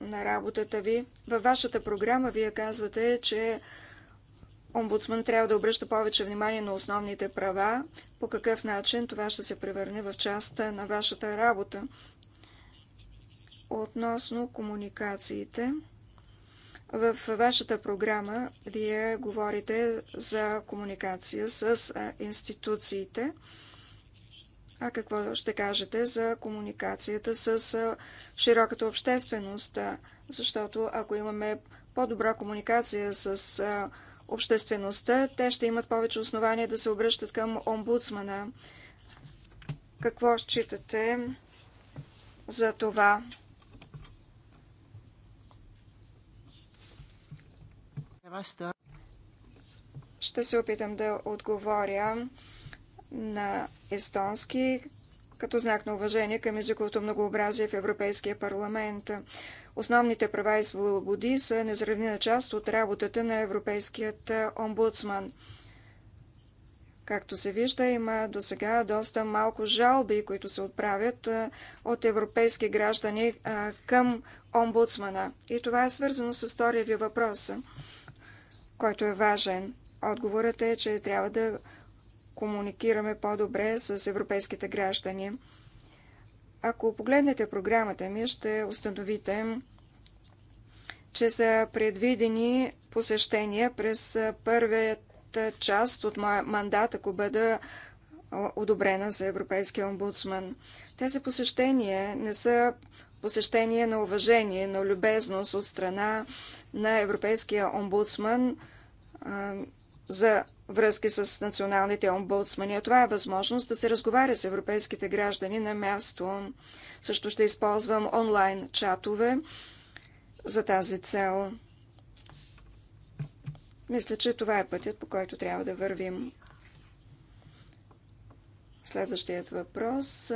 на работата ви. Във вашата програма вие казвате, че омбудсман трябва да обръща повече внимание на основните права. По какъв начин това ще се превърне в част на вашата работа? Относно комуникациите. В вашата програма вие говорите за комуникация с институциите. А какво ще кажете за комуникацията с широката общественост? Защото ако имаме по-добра комуникация с обществеността, те ще имат повече основания да се обръщат към омбудсмана. Какво считате за това? Ще се опитам да отговоря на естонски като знак на уважение към езиковото многообразие в Европейския парламент. Основните права и свободи са незравнена част от работата на Европейският омбудсман. Както се вижда, има до сега доста малко жалби, които се отправят от европейски граждани към омбудсмана. И това е свързано с втория ви въпрос който е важен. Отговорът е, че трябва да комуникираме по-добре с европейските граждани. Ако погледнете програмата ми, ще установите, че са предвидени посещения през първата част от моя мандат, ако бъда одобрена за Европейския омбудсман. Тези посещения не са посещения на уважение, на любезност от страна на Европейския омбудсман за връзки с националните омбудсмани. А това е възможност да се разговаря с европейските граждани на място. Също ще използвам онлайн чатове за тази цел. Мисля, че това е пътят, по който трябва да вървим. Следващият въпрос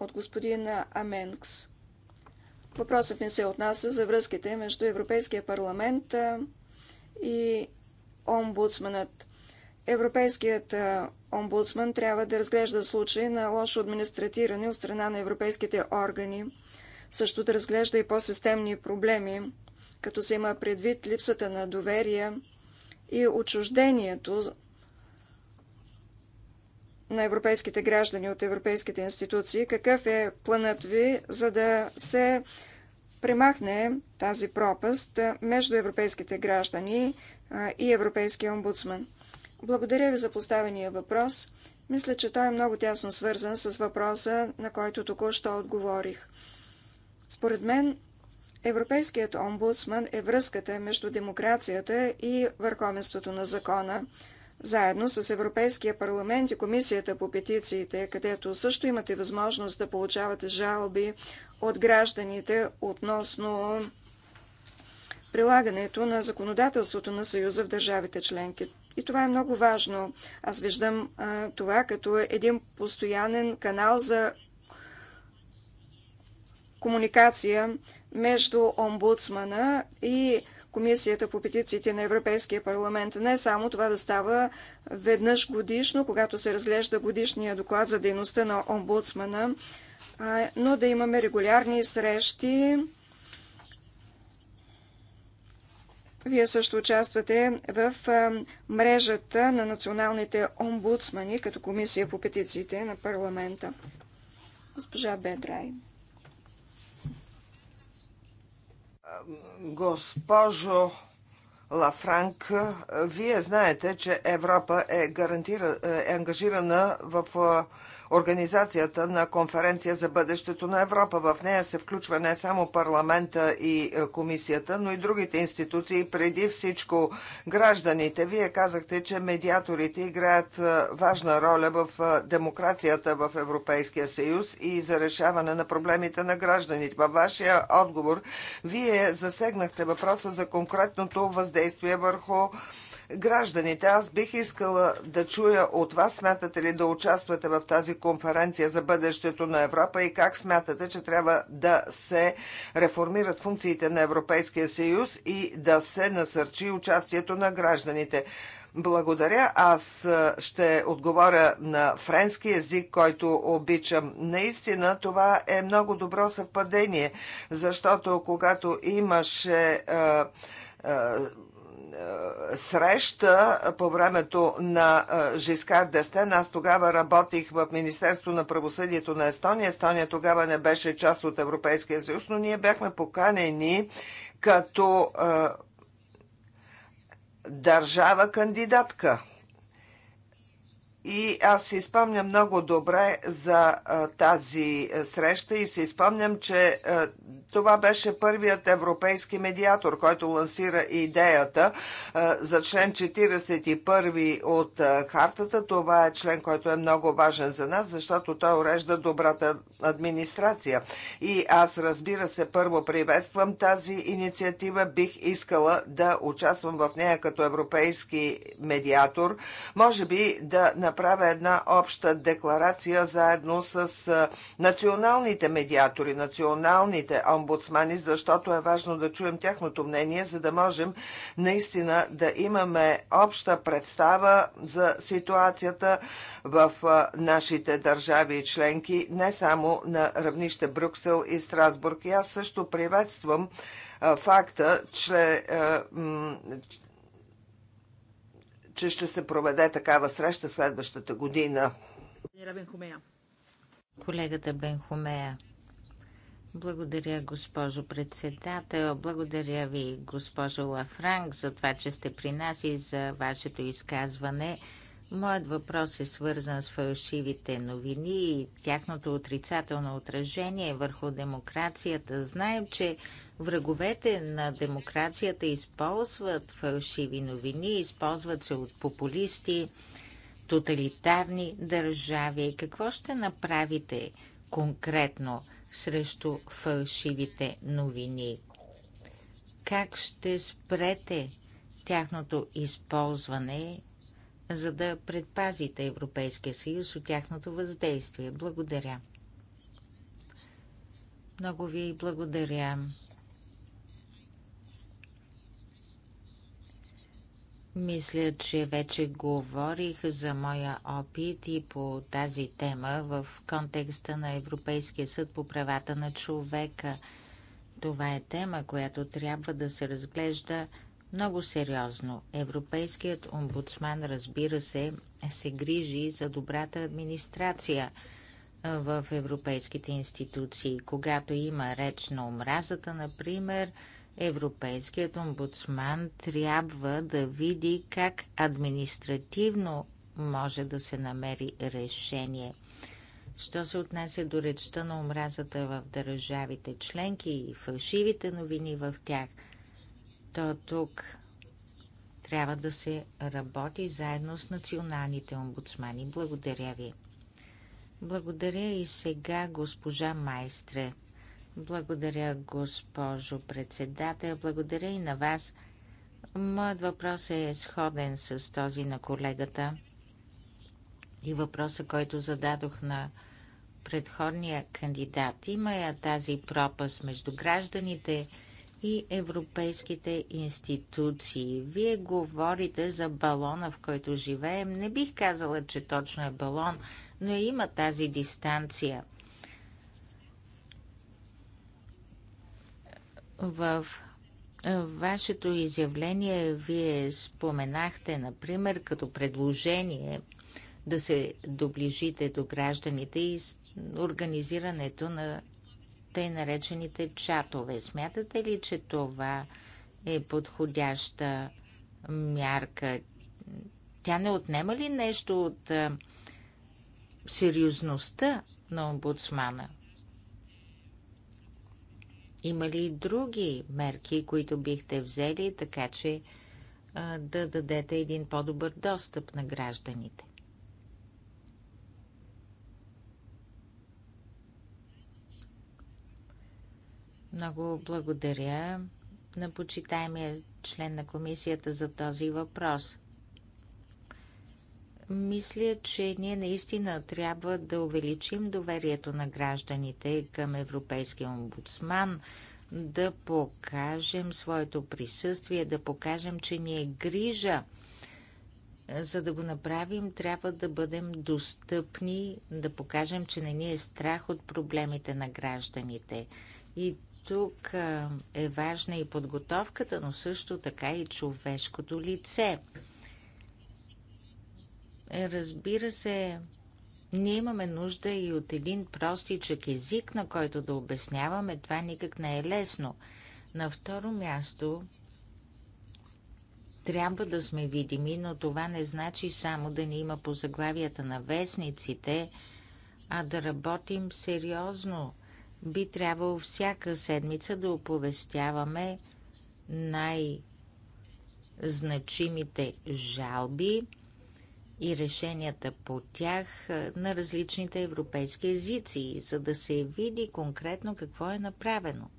от господин Аменкс. Въпросът ми се отнася за връзките между Европейския парламент и омбудсманът. Европейският омбудсман трябва да разглежда случаи на лошо администратиране от страна на европейските органи, също да разглежда и по-системни проблеми, като се има предвид липсата на доверие и отчуждението на европейските граждани от европейските институции. Какъв е планът ви, за да се премахне тази пропаст между европейските граждани и Европейския омбудсман? Благодаря ви за поставения въпрос. Мисля, че той е много тясно свързан с въпроса, на който току-що отговорих. Според мен, Европейският омбудсман е връзката между демокрацията и върховенството на закона заедно с Европейския парламент и Комисията по петициите, където също имате възможност да получавате жалби от гражданите относно прилагането на законодателството на Съюза в държавите членки. И това е много важно. Аз виждам а, това като един постоянен канал за комуникация между омбудсмана и Комисията по петициите на Европейския парламент. Не само това да става веднъж годишно, когато се разглежда годишния доклад за дейността на омбудсмана, но да имаме регулярни срещи. Вие също участвате в мрежата на националните омбудсмани като комисия по петициите на парламента. Госпожа Бедрай. Госпожо Лафранк, вие знаете, че Европа е, гарантира, е ангажирана в организацията на конференция за бъдещето на Европа. В нея се включва не само парламента и е, комисията, но и другите институции, преди всичко гражданите. Вие казахте, че медиаторите играят е, важна роля в е, демокрацията в Европейския съюз и за решаване на проблемите на гражданите. Във вашия отговор вие засегнахте въпроса за конкретното въздействие върху гражданите. Аз бих искала да чуя от вас, смятате ли да участвате в тази конференция за бъдещето на Европа и как смятате, че трябва да се реформират функциите на Европейския съюз и да се насърчи участието на гражданите. Благодаря. Аз ще отговоря на френски язик, който обичам. Наистина това е много добро съвпадение, защото когато имаше е, среща по времето на е, Жискар Дестен. Аз тогава работих в Министерство на правосъдието на Естония. Естония тогава не беше част от Европейския съюз, но ние бяхме поканени като е, държава кандидатка. И аз си спомням много добре за а, тази среща и си спомням, че а, това беше първият европейски медиатор, който лансира идеята а, за член 41 от а, хартата. Това е член, който е много важен за нас, защото той урежда добрата администрация. И аз, разбира се, първо приветствам тази инициатива. Бих искала да участвам в нея като европейски медиатор. Може би да направя направя една обща декларация заедно с националните медиатори, националните омбудсмани, защото е важно да чуем тяхното мнение, за да можем наистина да имаме обща представа за ситуацията в нашите държави и членки, не само на равнище Брюксел и Страсбург. И аз също приветствам факта, че че ще се проведе такава среща следващата година. Колегата Бенхумея. Благодаря, госпожо председател. Благодаря ви, госпожо Лафранк, за това, че сте при нас и за вашето изказване. Моят въпрос е свързан с фалшивите новини и тяхното отрицателно отражение върху демокрацията. Знаем, че враговете на демокрацията използват фалшиви новини, използват се от популисти, тоталитарни държави. Какво ще направите конкретно срещу фалшивите новини? Как ще спрете тяхното използване за да предпазите Европейския съюз от тяхното въздействие. Благодаря. Много ви благодаря. Мисля, че вече говорих за моя опит и по тази тема в контекста на Европейския съд по правата на човека. Това е тема, която трябва да се разглежда много сериозно. Европейският омбудсман, разбира се, се грижи за добрата администрация в европейските институции. Когато има реч на омразата, например, Европейският омбудсман трябва да види как административно може да се намери решение. Що се отнася до речта на омразата в държавите членки и фалшивите новини в тях – то тук трябва да се работи заедно с националните омбудсмани. Благодаря ви. Благодаря и сега госпожа Майстре. Благодаря, госпожо председател. Благодаря и на вас. Моят въпрос е сходен с този на колегата и въпроса, който зададох на предходния кандидат. Има я тази пропаст между гражданите и европейските институции. Вие говорите за балона, в който живеем. Не бих казала, че точно е балон, но има тази дистанция. В вашето изявление вие споменахте, например, като предложение да се доближите до гражданите и организирането на тъй наречените чатове. Смятате ли, че това е подходяща мярка? Тя не отнема ли нещо от сериозността на омбудсмана? Има ли и други мерки, които бихте взели, така че да дадете един по-добър достъп на гражданите? Много благодаря на почитаемия член на комисията за този въпрос. Мисля, че ние наистина трябва да увеличим доверието на гражданите към Европейския омбудсман, да покажем своето присъствие, да покажем, че ни е грижа. За да го направим, трябва да бъдем достъпни, да покажем, че не ни е страх от проблемите на гражданите. И тук е важна и подготовката, но също така и човешкото лице. Е, разбира се, ние имаме нужда и от един простичък език, на който да обясняваме. Това никак не е лесно. На второ място, трябва да сме видими, но това не значи само да ни има по заглавията на вестниците, а да работим сериозно би трябвало всяка седмица да оповестяваме най-значимите жалби и решенията по тях на различните европейски езици, за да се види конкретно какво е направено.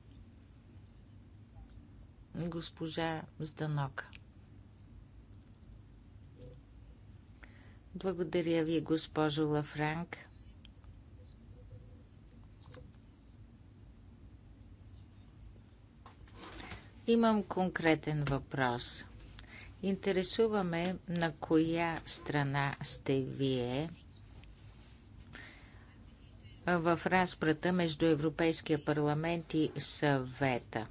Госпожа Зданока. Благодаря ви, госпожо Лафранк. Имам конкретен въпрос. Интересуваме на коя страна сте вие в разпрата между Европейския парламент и съвета.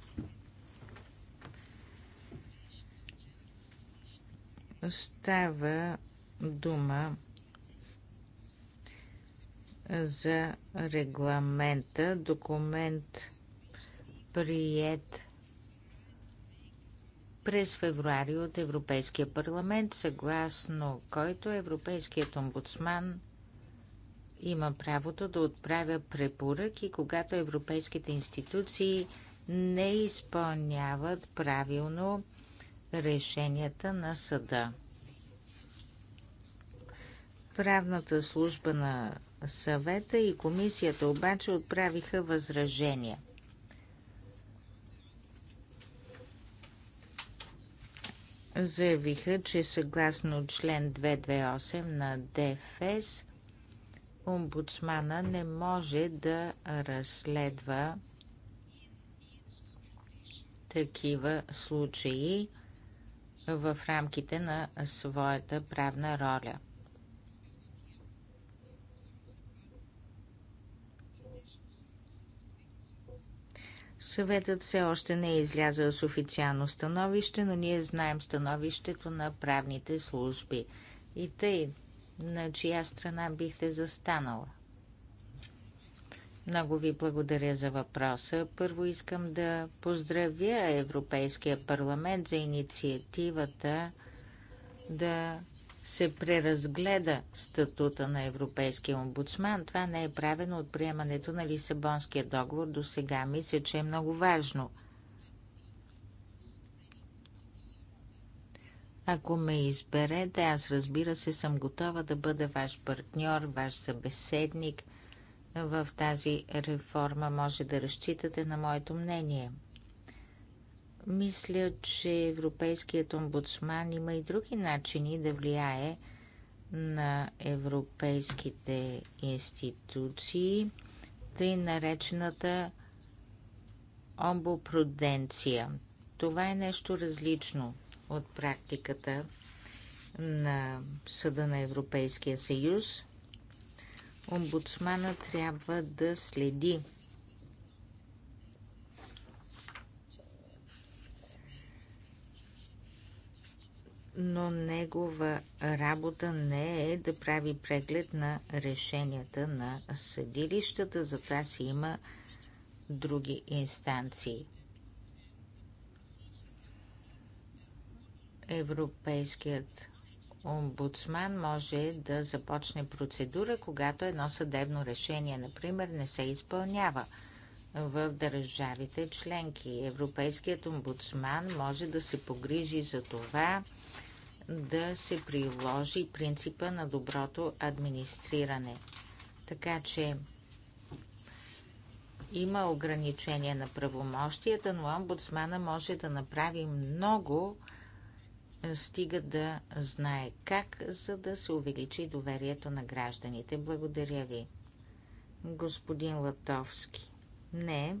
Става дума за регламента, документ прият през февруари от Европейския парламент, съгласно който Европейският омбудсман има правото да отправя препоръки, когато европейските институции не изпълняват правилно решенията на съда. Правната служба на съвета и комисията обаче отправиха възражения. заявиха, че съгласно член 228 на ДФС, омбудсмана не може да разследва такива случаи в рамките на своята правна роля. Съветът все още не е излязъл с официално становище, но ние знаем становището на правните служби. И тъй, на чия страна бихте застанала? Много ви благодаря за въпроса. Първо искам да поздравя Европейския парламент за инициативата да се преразгледа статута на Европейския омбудсман. Това не е правено от приемането на Лисабонския договор до сега. Мисля, че е много важно. Ако ме изберете, аз разбира се съм готова да бъда ваш партньор, ваш събеседник. В тази реформа може да разчитате на моето мнение – мисля, че Европейският омбудсман има и други начини да влияе на европейските институции, тъй наречената омбопруденция. Това е нещо различно от практиката на Съда на Европейския съюз. Омбудсмана трябва да следи но негова работа не е да прави преглед на решенията на съдилищата, затова си има други инстанции. Европейският омбудсман може да започне процедура, когато едно съдебно решение, например, не се изпълнява в държавите членки. Европейският омбудсман може да се погрижи за това да се приложи принципа на доброто администриране. Така че има ограничение на правомощията, но омбудсмана може да направи много, стига да знае как, за да се увеличи доверието на гражданите. Благодаря ви. Господин Латовски. Не.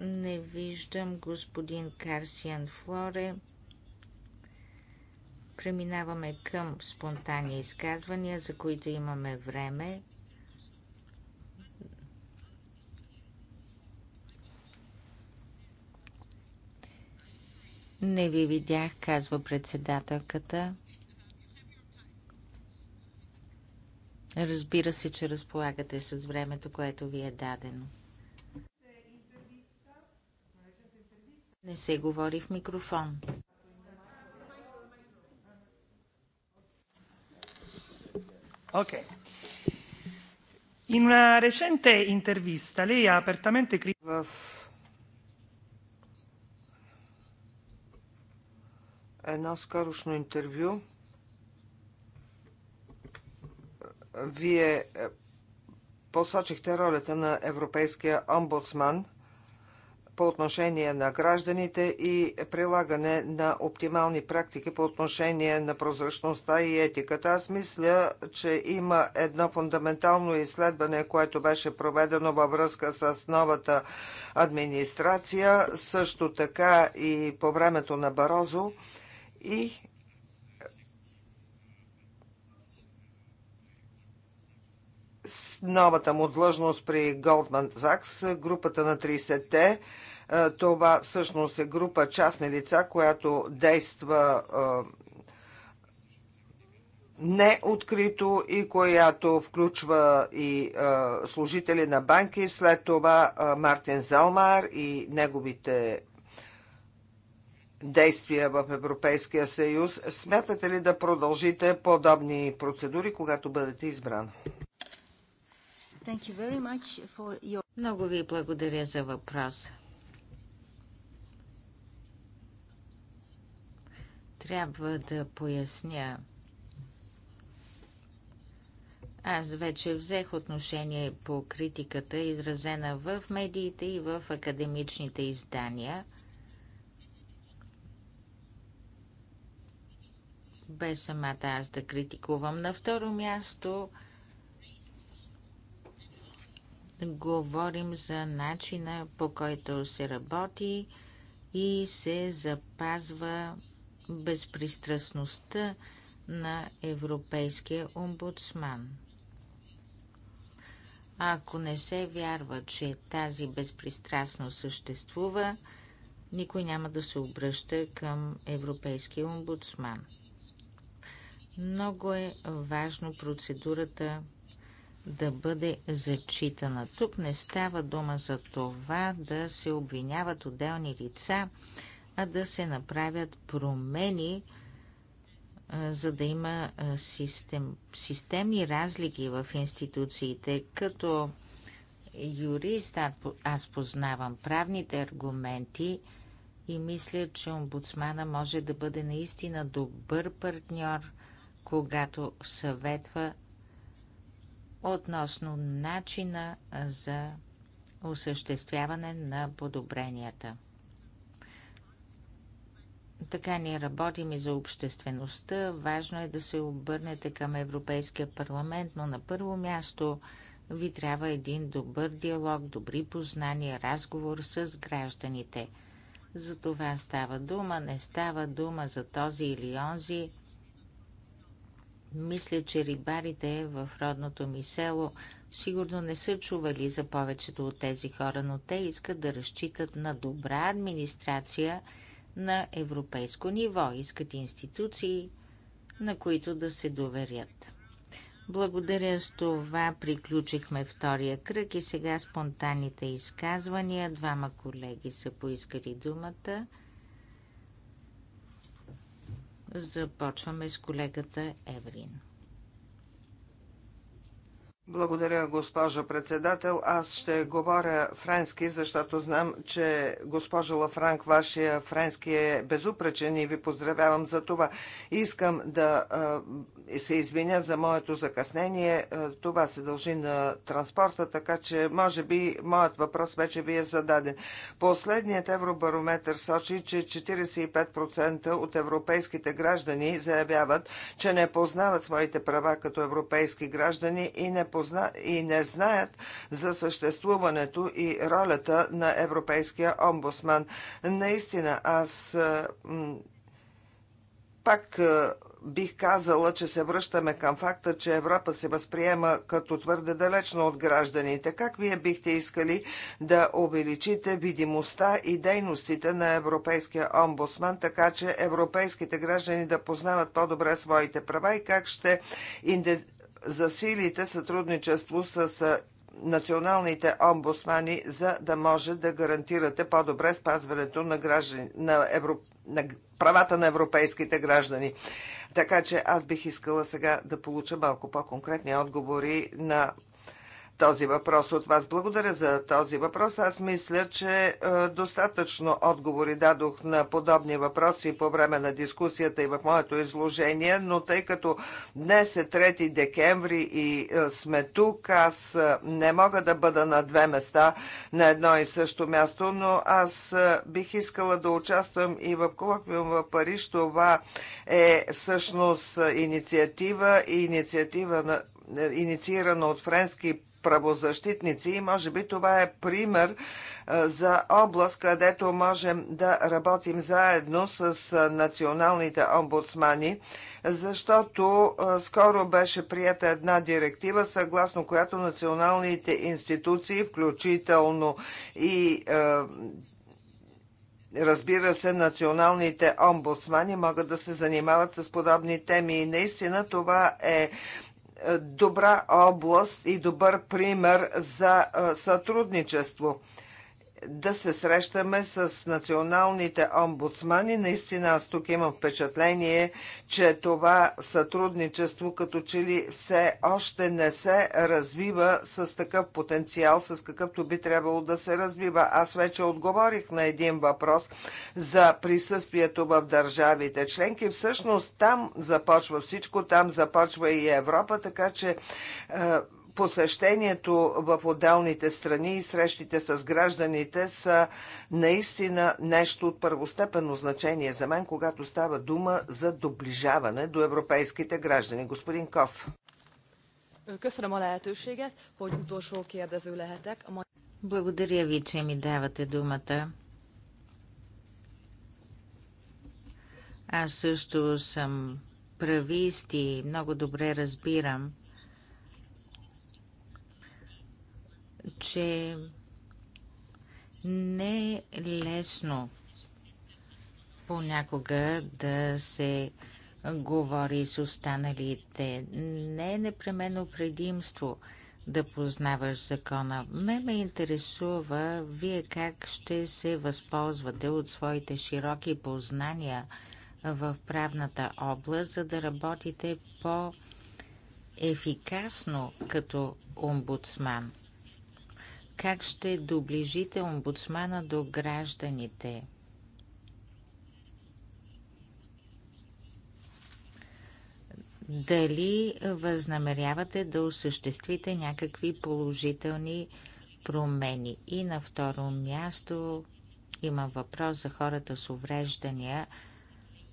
Не виждам господин Карсиан Флоре. Преминаваме към спонтанни изказвания, за които имаме време. Не ви видях, казва председателката. Разбира се, че разполагате с времето, което ви е дадено. Не се говори в микрофон. Ok. In una recente intervista lei ha apertamente criticato... В едно скорошно интервю вие посочихте ролята на Европейския омбудсман – по отношение на гражданите и прилагане на оптимални практики по отношение на прозрачността и етиката. Аз мисля, че има едно фундаментално изследване, което беше проведено във връзка с новата администрация, също така и по времето на Барозо и новата му длъжност при Goldman Sachs, групата на 30-те, е, това всъщност е група частни лица, която действа е, неоткрито и която включва и е, служители на банки, след това Мартин Залмар и неговите действия в Европейския съюз. Смятате ли да продължите подобни процедури, когато бъдете избран? Your... Много ви благодаря за въпроса. трябва да поясня. Аз вече взех отношение по критиката, изразена в медиите и в академичните издания. Без самата аз да критикувам. На второ място говорим за начина по който се работи и се запазва безпристрастността на Европейския омбудсман. Ако не се вярва, че тази безпристрастност съществува, никой няма да се обръща към Европейския омбудсман. Много е важно процедурата да бъде зачитана. Тук не става дума за това да се обвиняват отделни лица а да се направят промени, за да има систем, системни разлики в институциите. Като юрист аз познавам правните аргументи и мисля, че омбудсмана може да бъде наистина добър партньор, когато съветва относно начина за осъществяване на подобренията. Така ние работим и за обществеността. Важно е да се обърнете към Европейския парламент, но на първо място ви трябва един добър диалог, добри познания, разговор с гражданите. За това става дума, не става дума за този или онзи. Мисля, че рибарите в родното ми село сигурно не са чували за повечето от тези хора, но те искат да разчитат на добра администрация – на европейско ниво. Искат институции, на които да се доверят. Благодаря с това приключихме втория кръг и сега спонтанните изказвания. Двама колеги са поискали думата. Започваме с колегата Еврин. Благодаря, госпожо председател. Аз ще говоря френски, защото знам, че госпожо Лафранк, вашия френски е безупречен и ви поздравявам за това. Искам да се извиня за моето закъснение. Това се дължи на транспорта, така че може би моят въпрос вече ви е зададен. Последният евробарометр сочи, че 45% от европейските граждани заявяват, че не познават своите права като европейски граждани и не позна... и не знаят за съществуването и ролята на Европейския омбусман. Наистина, аз е, пак е, бих казала, че се връщаме към факта, че Европа се възприема като твърде далечно от гражданите. Как вие бихте искали да увеличите видимостта и дейностите на Европейския омбусман, така че европейските граждани да познават по-добре своите права и как ще засилите сътрудничество с националните омбусмани, за да може да гарантирате по-добре спазването на, граждани, на, евро, на правата на европейските граждани. Така че аз бих искала сега да получа малко по-конкретни отговори на този въпрос от вас. Благодаря за този въпрос. Аз мисля, че е, достатъчно отговори дадох на подобни въпроси по време на дискусията и в моето изложение, но тъй като днес е 3 декември и е, сме тук, аз е, не мога да бъда на две места на едно и също място, но аз бих искала да участвам и в колоквиум в Париж. Това е всъщност инициатива и инициатива на инициирана от френски правозащитници и може би това е пример за област, където можем да работим заедно с националните омбудсмани, защото скоро беше прията една директива, съгласно която националните институции, включително и Разбира се, националните омбудсмани могат да се занимават с подобни теми и наистина това е добра област и добър пример за сътрудничество да се срещаме с националните омбудсмани. Наистина аз тук имам впечатление, че това сътрудничество като че ли все още не се развива с такъв потенциал, с какъвто би трябвало да се развива. Аз вече отговорих на един въпрос за присъствието в държавите членки. Всъщност там започва всичко, там започва и Европа, така че е, посещението в отделните страни и срещите с гражданите са наистина нещо от първостепенно значение за мен, когато става дума за доближаване до европейските граждани. Господин Кос. Благодаря ви, че ми давате думата. Аз също съм прависти и много добре разбирам – че не е лесно понякога да се говори с останалите. Не е непременно предимство да познаваш закона. Ме ме интересува вие как ще се възползвате от своите широки познания в правната област, за да работите по-ефикасно като омбудсман. Как ще доближите омбудсмана до гражданите? Дали възнамерявате да осъществите някакви положителни промени? И на второ място има въпрос за хората с увреждания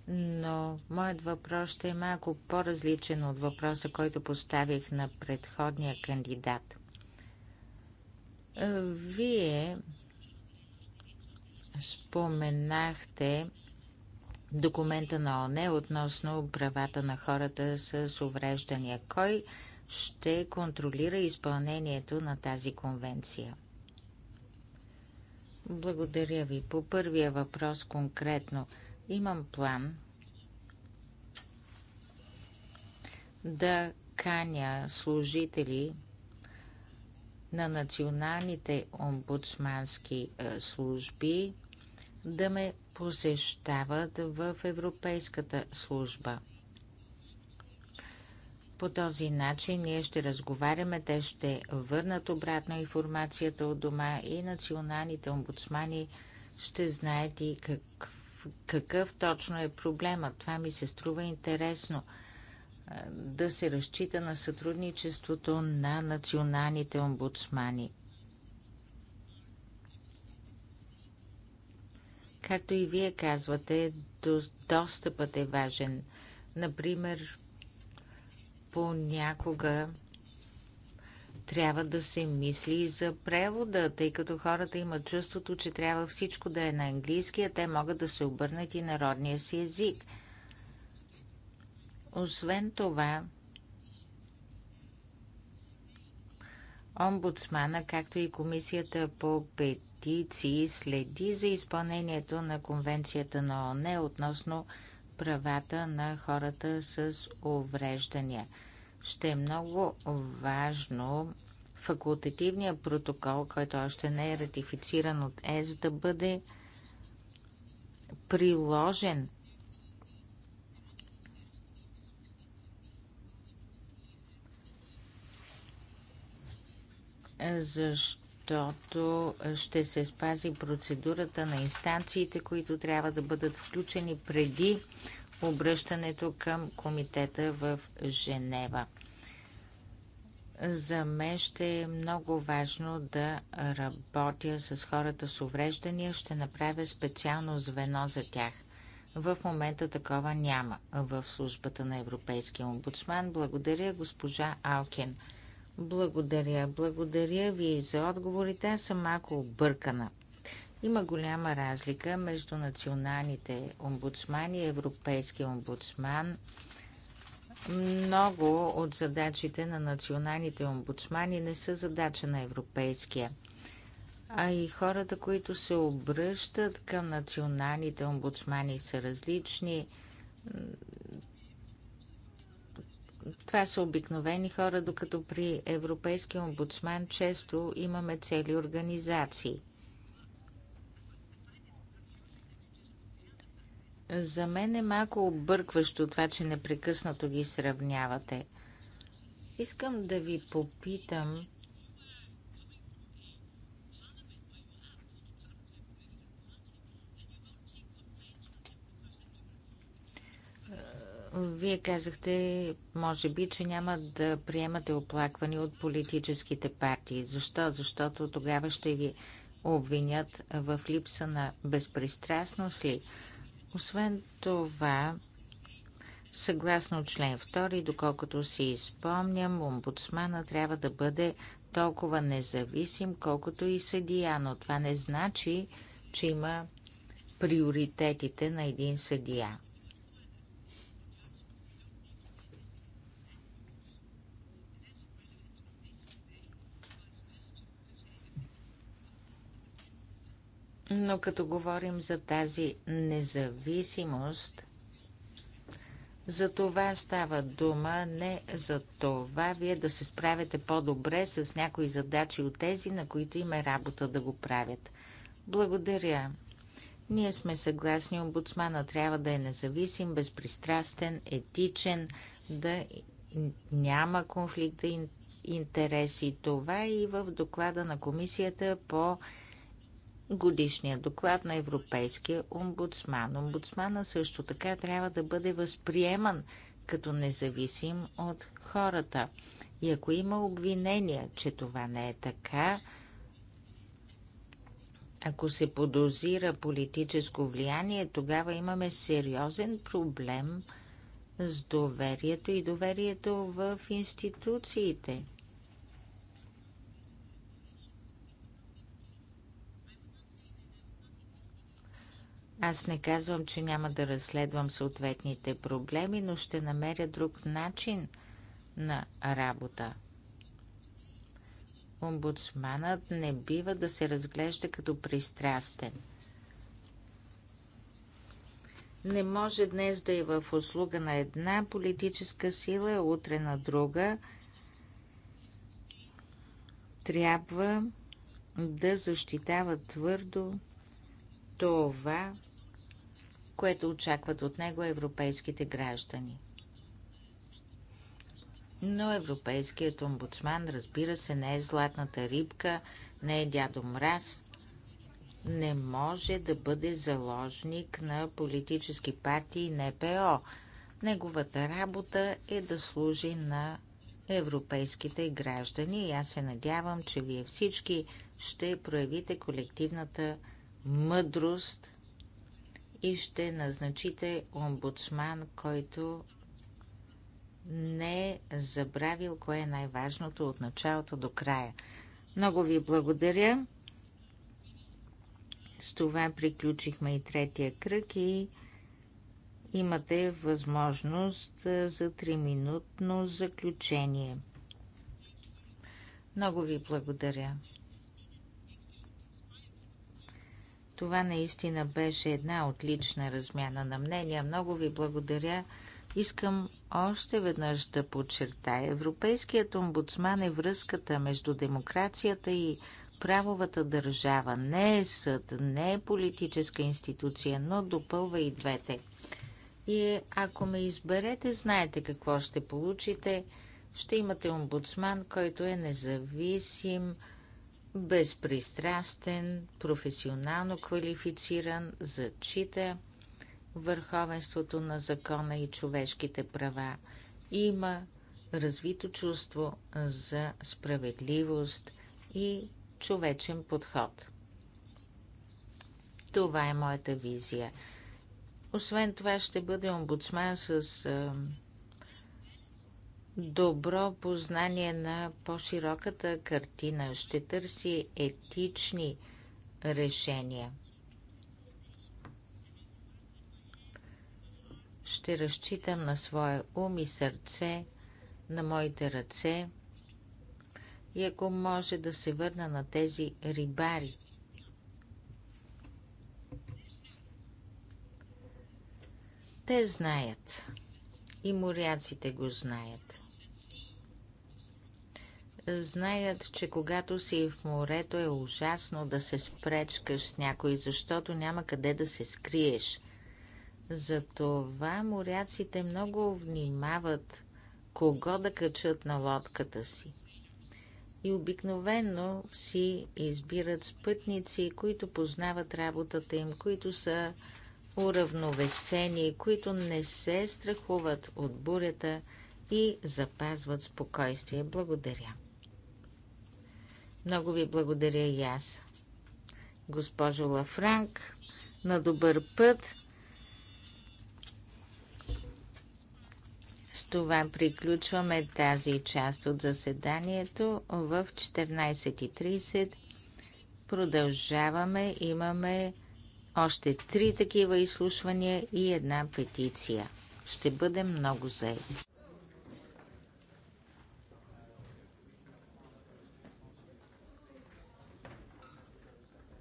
но моят въпрос ще е малко по-различен от въпроса, който поставих на предходния кандидат. Е, вие споменахте документа на ОНЕ относно правата на хората с увреждания. Кой ще контролира изпълнението на тази конвенция? Благодаря ви. По първия въпрос конкретно имам план да каня служители на националните омбудсмански е, служби да ме посещават в Европейската служба. По този начин ние ще разговаряме, те ще върнат обратно информацията от дома и националните омбудсмани ще знаят и какъв, какъв точно е проблема. Това ми се струва интересно – да се разчита на сътрудничеството на националните омбудсмани. Както и вие казвате, достъпът е важен. Например, понякога трябва да се мисли и за превода, тъй като хората имат чувството, че трябва всичко да е на английски, а те могат да се обърнат и народния си език – освен това, Омбудсмана, както и Комисията по петиции, следи за изпълнението на Конвенцията на ООН относно правата на хората с увреждания. Ще е много важно факултативният протокол, който още не е ратифициран от ЕС, да бъде приложен защото ще се спази процедурата на инстанциите, които трябва да бъдат включени преди обръщането към комитета в Женева. За мен ще е много важно да работя с хората с увреждания. Ще направя специално звено за тях. В момента такова няма в службата на Европейския омбудсман. Благодаря, госпожа Алкин. Благодаря. Благодаря ви за отговорите. Аз съм малко объркана. Има голяма разлика между националните омбудсмани и европейския омбудсман. Много от задачите на националните омбудсмани не са задача на европейския. А и хората, които се обръщат към националните омбудсмани са различни. Това са обикновени хора, докато при Европейския омбудсман често имаме цели организации. За мен е малко объркващо това, че непрекъснато ги сравнявате. Искам да ви попитам Вие казахте, може би, че няма да приемате оплаквания от политическите партии. Защо? Защото тогава ще ви обвинят в липса на безпристрастност ли? Освен това, съгласно член 2, доколкото си изпомням, омбудсмана трябва да бъде толкова независим, колкото и съдия, но това не значи, че има приоритетите на един съдия. Но като говорим за тази независимост, за това става дума, не за това вие да се справяте по-добре с някои задачи от тези, на които има е работа да го правят. Благодаря. Ние сме съгласни, омбудсмана трябва да е независим, безпристрастен, етичен, да няма конфликт на интереси. Това е и в доклада на комисията по годишния доклад на Европейския омбудсман. Омбудсмана също така трябва да бъде възприеман като независим от хората. И ако има обвинения, че това не е така, ако се подозира политическо влияние, тогава имаме сериозен проблем с доверието и доверието в институциите – Аз не казвам, че няма да разследвам съответните проблеми, но ще намеря друг начин на работа. Омбудсманът не бива да се разглежда като пристрастен. Не може днес да е в услуга на една политическа сила, утре на друга. Трябва да защитава твърдо това, което очакват от него европейските граждани. Но Европейският омбудсман, разбира се, не е златната рибка, не е дядо мраз, не може да бъде заложник на политически партии НПО. Неговата работа е да служи на европейските граждани и аз се надявам, че вие всички ще проявите колективната мъдрост и ще назначите омбудсман, който не е забравил кое е най-важното от началото до края. Много ви благодаря. С това приключихме и третия кръг и имате възможност за 3-минутно заключение. Много ви благодаря. Това наистина беше една отлична размяна на мнения. Много ви благодаря. Искам още веднъж да подчертая. Европейският омбудсман е връзката между демокрацията и правовата държава. Не е съд, не е политическа институция, но допълва и двете. И ако ме изберете, знаете какво ще получите. Ще имате омбудсман, който е независим, безпристрастен, професионално квалифициран, зачита върховенството на закона и човешките права. Има развито чувство за справедливост и човечен подход. Това е моята визия. Освен това ще бъде омбудсман с добро познание на по-широката картина. Ще търси етични решения. Ще разчитам на своя ум и сърце, на моите ръце и ако може да се върна на тези рибари. Те знаят. И моряците го знаят знаят, че когато си в морето е ужасно да се спречкаш с някой, защото няма къде да се скриеш. Затова моряците много внимават кого да качат на лодката си. И обикновенно си избират спътници, които познават работата им, които са уравновесени, които не се страхуват от бурята и запазват спокойствие. Благодаря. Много ви благодаря и аз. Госпожо Лафранк, на добър път. С това приключваме тази част от заседанието. В 14.30 продължаваме. Имаме още три такива изслушвания и една петиция. Ще бъдем много заети.